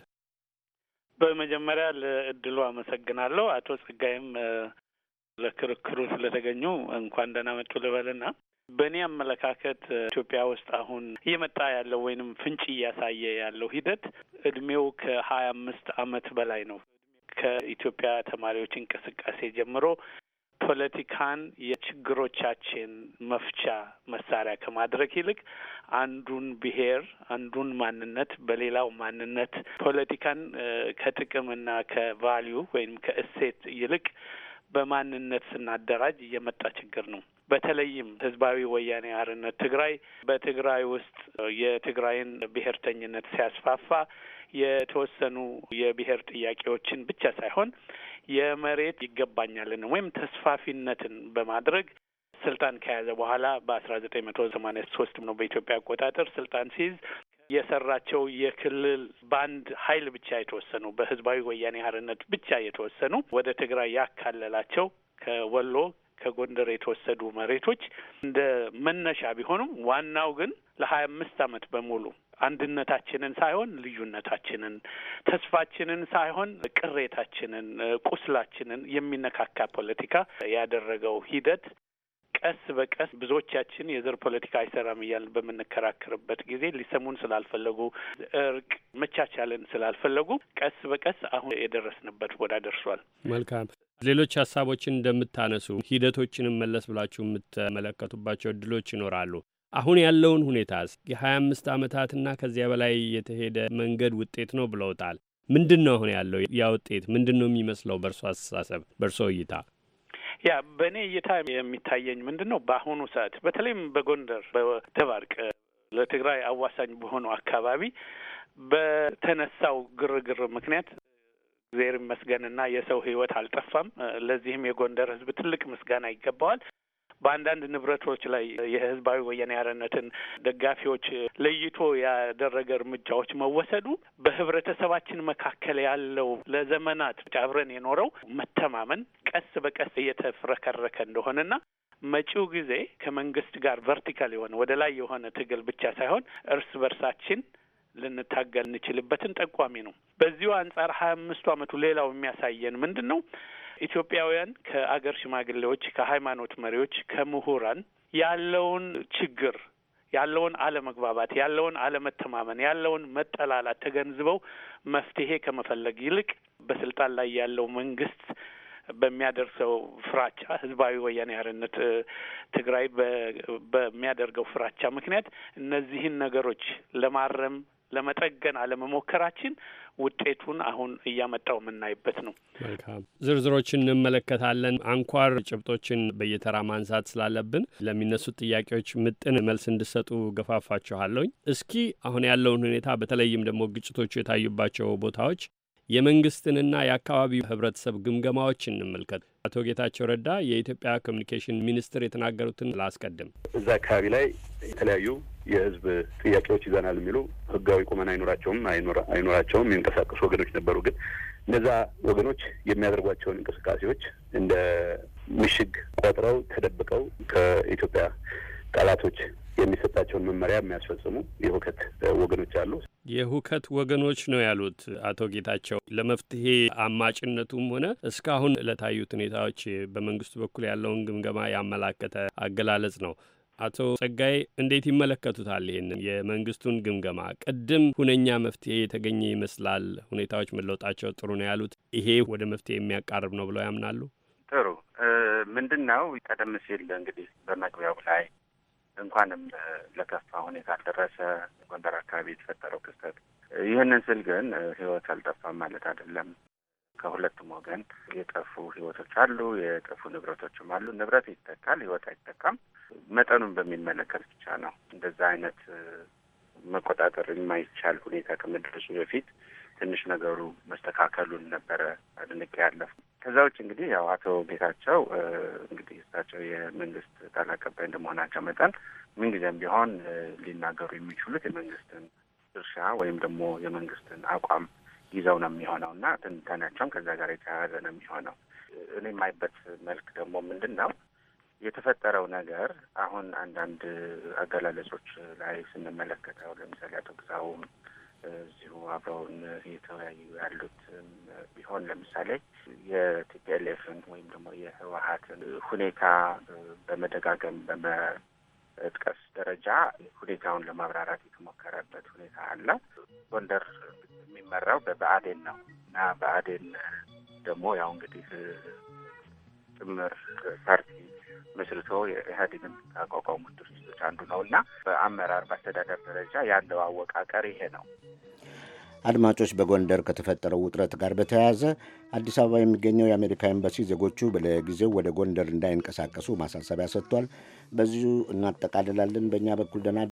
በመጀመሪያ ለእድሉ አመሰግናለሁ። አቶ ጸጋይም ለክርክሩ ስለተገኙ እንኳን ደህና መጡ ልበልና በእኔ አመለካከት ኢትዮጵያ ውስጥ አሁን እየመጣ ያለው ወይንም ፍንጭ እያሳየ ያለው ሂደት እድሜው ከሀያ አምስት አመት በላይ ነው። ከኢትዮጵያ ተማሪዎች እንቅስቃሴ ጀምሮ ፖለቲካን የችግሮቻችን መፍቻ መሳሪያ ከማድረግ ይልቅ አንዱን ብሔር፣ አንዱን ማንነት በሌላው ማንነት ፖለቲካን ከጥቅምና ከቫሊዩ ወይም ከእሴት ይልቅ በማንነት ስናደራጅ እየመጣ ችግር ነው። በተለይም ህዝባዊ ወያኔ አርነት ትግራይ በትግራይ ውስጥ የትግራይን ብሔርተኝነት ሲያስፋፋ የተወሰኑ የብሔር ጥያቄዎችን ብቻ ሳይሆን የመሬት ይገባኛልን ወይም ተስፋፊነትን በማድረግ ስልጣን ከያዘ በኋላ በአስራ ዘጠኝ መቶ ሰማኒያ ሶስትም ነው በኢትዮጵያ አቆጣጠር ስልጣን ሲይዝ የሰራቸው የክልል በአንድ ኃይል ብቻ የተወሰኑ በህዝባዊ ወያኔ ሀርነት ብቻ የተወሰኑ ወደ ትግራይ ያካለላቸው ከወሎ ከጎንደር የተወሰዱ መሬቶች እንደ መነሻ ቢሆኑም ዋናው ግን ለሀያ አምስት አመት በሙሉ አንድነታችንን ሳይሆን ልዩነታችንን፣ ተስፋችንን ሳይሆን ቅሬታችንን፣ ቁስላችንን የሚነካካ ፖለቲካ ያደረገው ሂደት ቀስ በቀስ ብዙዎቻችን የዘር ፖለቲካ አይሰራም እያልን በምንከራከርበት ጊዜ ሊሰሙን ስላልፈለጉ፣ እርቅ መቻቻልን ስላልፈለጉ ቀስ በቀስ አሁን የደረስንበት ወዳ ደርሷል። መልካም ሌሎች ሀሳቦችን እንደምታነሱ ሂደቶችንም መለስ ብላችሁ የምትመለከቱባቸው እድሎች ይኖራሉ። አሁን ያለውን ሁኔታ የሀያ አምስት ዓመታትና ከዚያ በላይ የተሄደ መንገድ ውጤት ነው ብለውታል። ምንድን ነው አሁን ያለው ያ ውጤት ምንድን ነው የሚመስለው? በእርሶ አስተሳሰብ፣ በእርሶ እይታ ያ በእኔ እይታ የሚታየኝ ምንድን ነው በአሁኑ ሰዓት በተለይም በጎንደር በደባርቅ ለትግራይ አዋሳኝ በሆኑ አካባቢ በተነሳው ግርግር ምክንያት እግዜር ይመስገንና የሰው ህይወት አልጠፋም። ለዚህም የጎንደር ህዝብ ትልቅ ምስጋና ይገባዋል። በአንዳንድ ንብረቶች ላይ የህዝባዊ ወያኔ ሓርነትን ደጋፊዎች ለይቶ ያደረገ እርምጃዎች መወሰዱ በህብረተሰባችን መካከል ያለው ለዘመናት አብረን የኖረው መተማመን ቀስ በቀስ እየተፍረከረከ እንደሆነና መጪው ጊዜ ከመንግስት ጋር ቨርቲካል የሆነ ወደ ላይ የሆነ ትግል ብቻ ሳይሆን እርስ በርሳችን ልንታገል እንችልበትን ጠቋሚ ነው። በዚሁ አንጻር ሀያ አምስቱ ዓመቱ ሌላው የሚያሳየን ምንድን ነው? ኢትዮጵያውያን ከአገር ሽማግሌዎች፣ ከሃይማኖት መሪዎች፣ ከምሁራን ያለውን ችግር ያለውን አለመግባባት፣ ያለውን አለመተማመን፣ ያለውን መጠላላት ተገንዝበው መፍትሄ ከመፈለግ ይልቅ በስልጣን ላይ ያለው መንግስት በሚያደርሰው ፍራቻ ህዝባዊ ወያኔ ሓርነት ትግራይ በሚያደርገው ፍራቻ ምክንያት እነዚህን ነገሮች ለማረም ለመጠገን አለመሞከራችን ውጤቱን አሁን እያመጣው የምናይበት ነው። መልካም ዝርዝሮችን እንመለከታለን። አንኳር ጭብጦችን በየተራ ማንሳት ስላለብን ለሚነሱት ጥያቄዎች ምጥን መልስ እንድሰጡ ገፋፋችኋለሁኝ። እስኪ አሁን ያለውን ሁኔታ በተለይም ደግሞ ግጭቶቹ የታዩባቸው ቦታዎች የመንግስትንና የአካባቢው ህብረተሰብ ግምገማዎች እንመልከት። አቶ ጌታቸው ረዳ የኢትዮጵያ ኮሚኒኬሽን ሚኒስትር የተናገሩትን ላስቀድም። እዛ አካባቢ ላይ የተለያዩ የህዝብ ጥያቄዎች ይዘናል የሚሉ ህጋዊ ቁመና አይኖራቸውም አይኖራቸውም የሚንቀሳቀሱ ወገኖች ነበሩ። ግን እነዛ ወገኖች የሚያደርጓቸውን እንቅስቃሴዎች እንደ ምሽግ ቆጥረው ተደብቀው ከኢትዮጵያ ጠላቶች የሚሰጣቸውን መመሪያ የሚያስፈጽሙ የሁከት ወገኖች አሉ። የሁከት ወገኖች ነው ያሉት አቶ ጌታቸው። ለመፍትሄ አማጭነቱም ሆነ እስካሁን ለታዩት ሁኔታዎች በመንግስቱ በኩል ያለውን ግምገማ ያመላከተ አገላለጽ ነው። አቶ ጸጋይ እንዴት ይመለከቱታል? ይህን የመንግስቱን ግምገማ ቅድም ሁነኛ መፍትሄ የተገኘ ይመስላል፣ ሁኔታዎች መለውጣቸው ጥሩ ነው ያሉት ይሄ ወደ መፍትሄ የሚያቃርብ ነው ብለው ያምናሉ? ጥሩ ምንድን ነው ቀደም ሲል እንግዲህ በመግቢያው ላይ እንኳንም ለከፋ ሁኔታ አልደረሰ። ጎንደር አካባቢ የተፈጠረው ክስተት ይህንን ስል ግን ህይወት አልጠፋም ማለት አይደለም። ከሁለቱም ወገን የጠፉ ህይወቶች አሉ፣ የጠፉ ንብረቶችም አሉ። ንብረት ይተካል፣ ህይወት አይተካም። መጠኑን በሚመለከት ብቻ ነው እንደዛ አይነት መቆጣጠር የማይቻል ሁኔታ ከመድረሱ በፊት ትንሽ ነገሩ መስተካከሉን ነበረ አድንቄ ያለፉ። ከዛ ውጭ እንግዲህ ያው አቶ ጌታቸው እንግዲህ እሳቸው የመንግስት ቃል አቀባይ እንደመሆናቸው መጠን ምንጊዜም ቢሆን ሊናገሩ የሚችሉት የመንግስትን ድርሻ ወይም ደግሞ የመንግስትን አቋም ይዘው ነው የሚሆነው እና ትንታኔያቸውም ከዛ ጋር የተያያዘ ነው የሚሆነው። እኔ የማይበት መልክ ደግሞ ምንድን ነው የተፈጠረው ነገር አሁን አንዳንድ አገላለጾች ላይ ስንመለከተው ለምሳሌ አቶ ግዛውም እዚሁ አብረውን እየተወያዩ ያሉት ቢሆን ለምሳሌ የቲፒኤልኤፍን ወይም ደግሞ የህወሀትን ሁኔታ በመደጋገም በመጥቀስ ደረጃ ሁኔታውን ለማብራራት የተሞከረበት ሁኔታ አለ። ጎንደር የሚመራው በብአዴን ነው እና ብአዴን ደግሞ ያው እንግዲህ ጥምር ፓርቲ መስርቶ ኢህአዴግን ካቋቋሙት ድርጅቶች አንዱ ነው እና በአመራር በአስተዳደር ደረጃ ያለው አወቃቀር ይሄ ነው። አድማጮች፣ በጎንደር ከተፈጠረው ውጥረት ጋር በተያያዘ አዲስ አበባ የሚገኘው የአሜሪካ ኤምባሲ ዜጎቹ ለጊዜው ወደ ጎንደር እንዳይንቀሳቀሱ ማሳሰቢያ ሰጥቷል። በዚሁ እናጠቃልላለን። በእኛ በኩል ደህና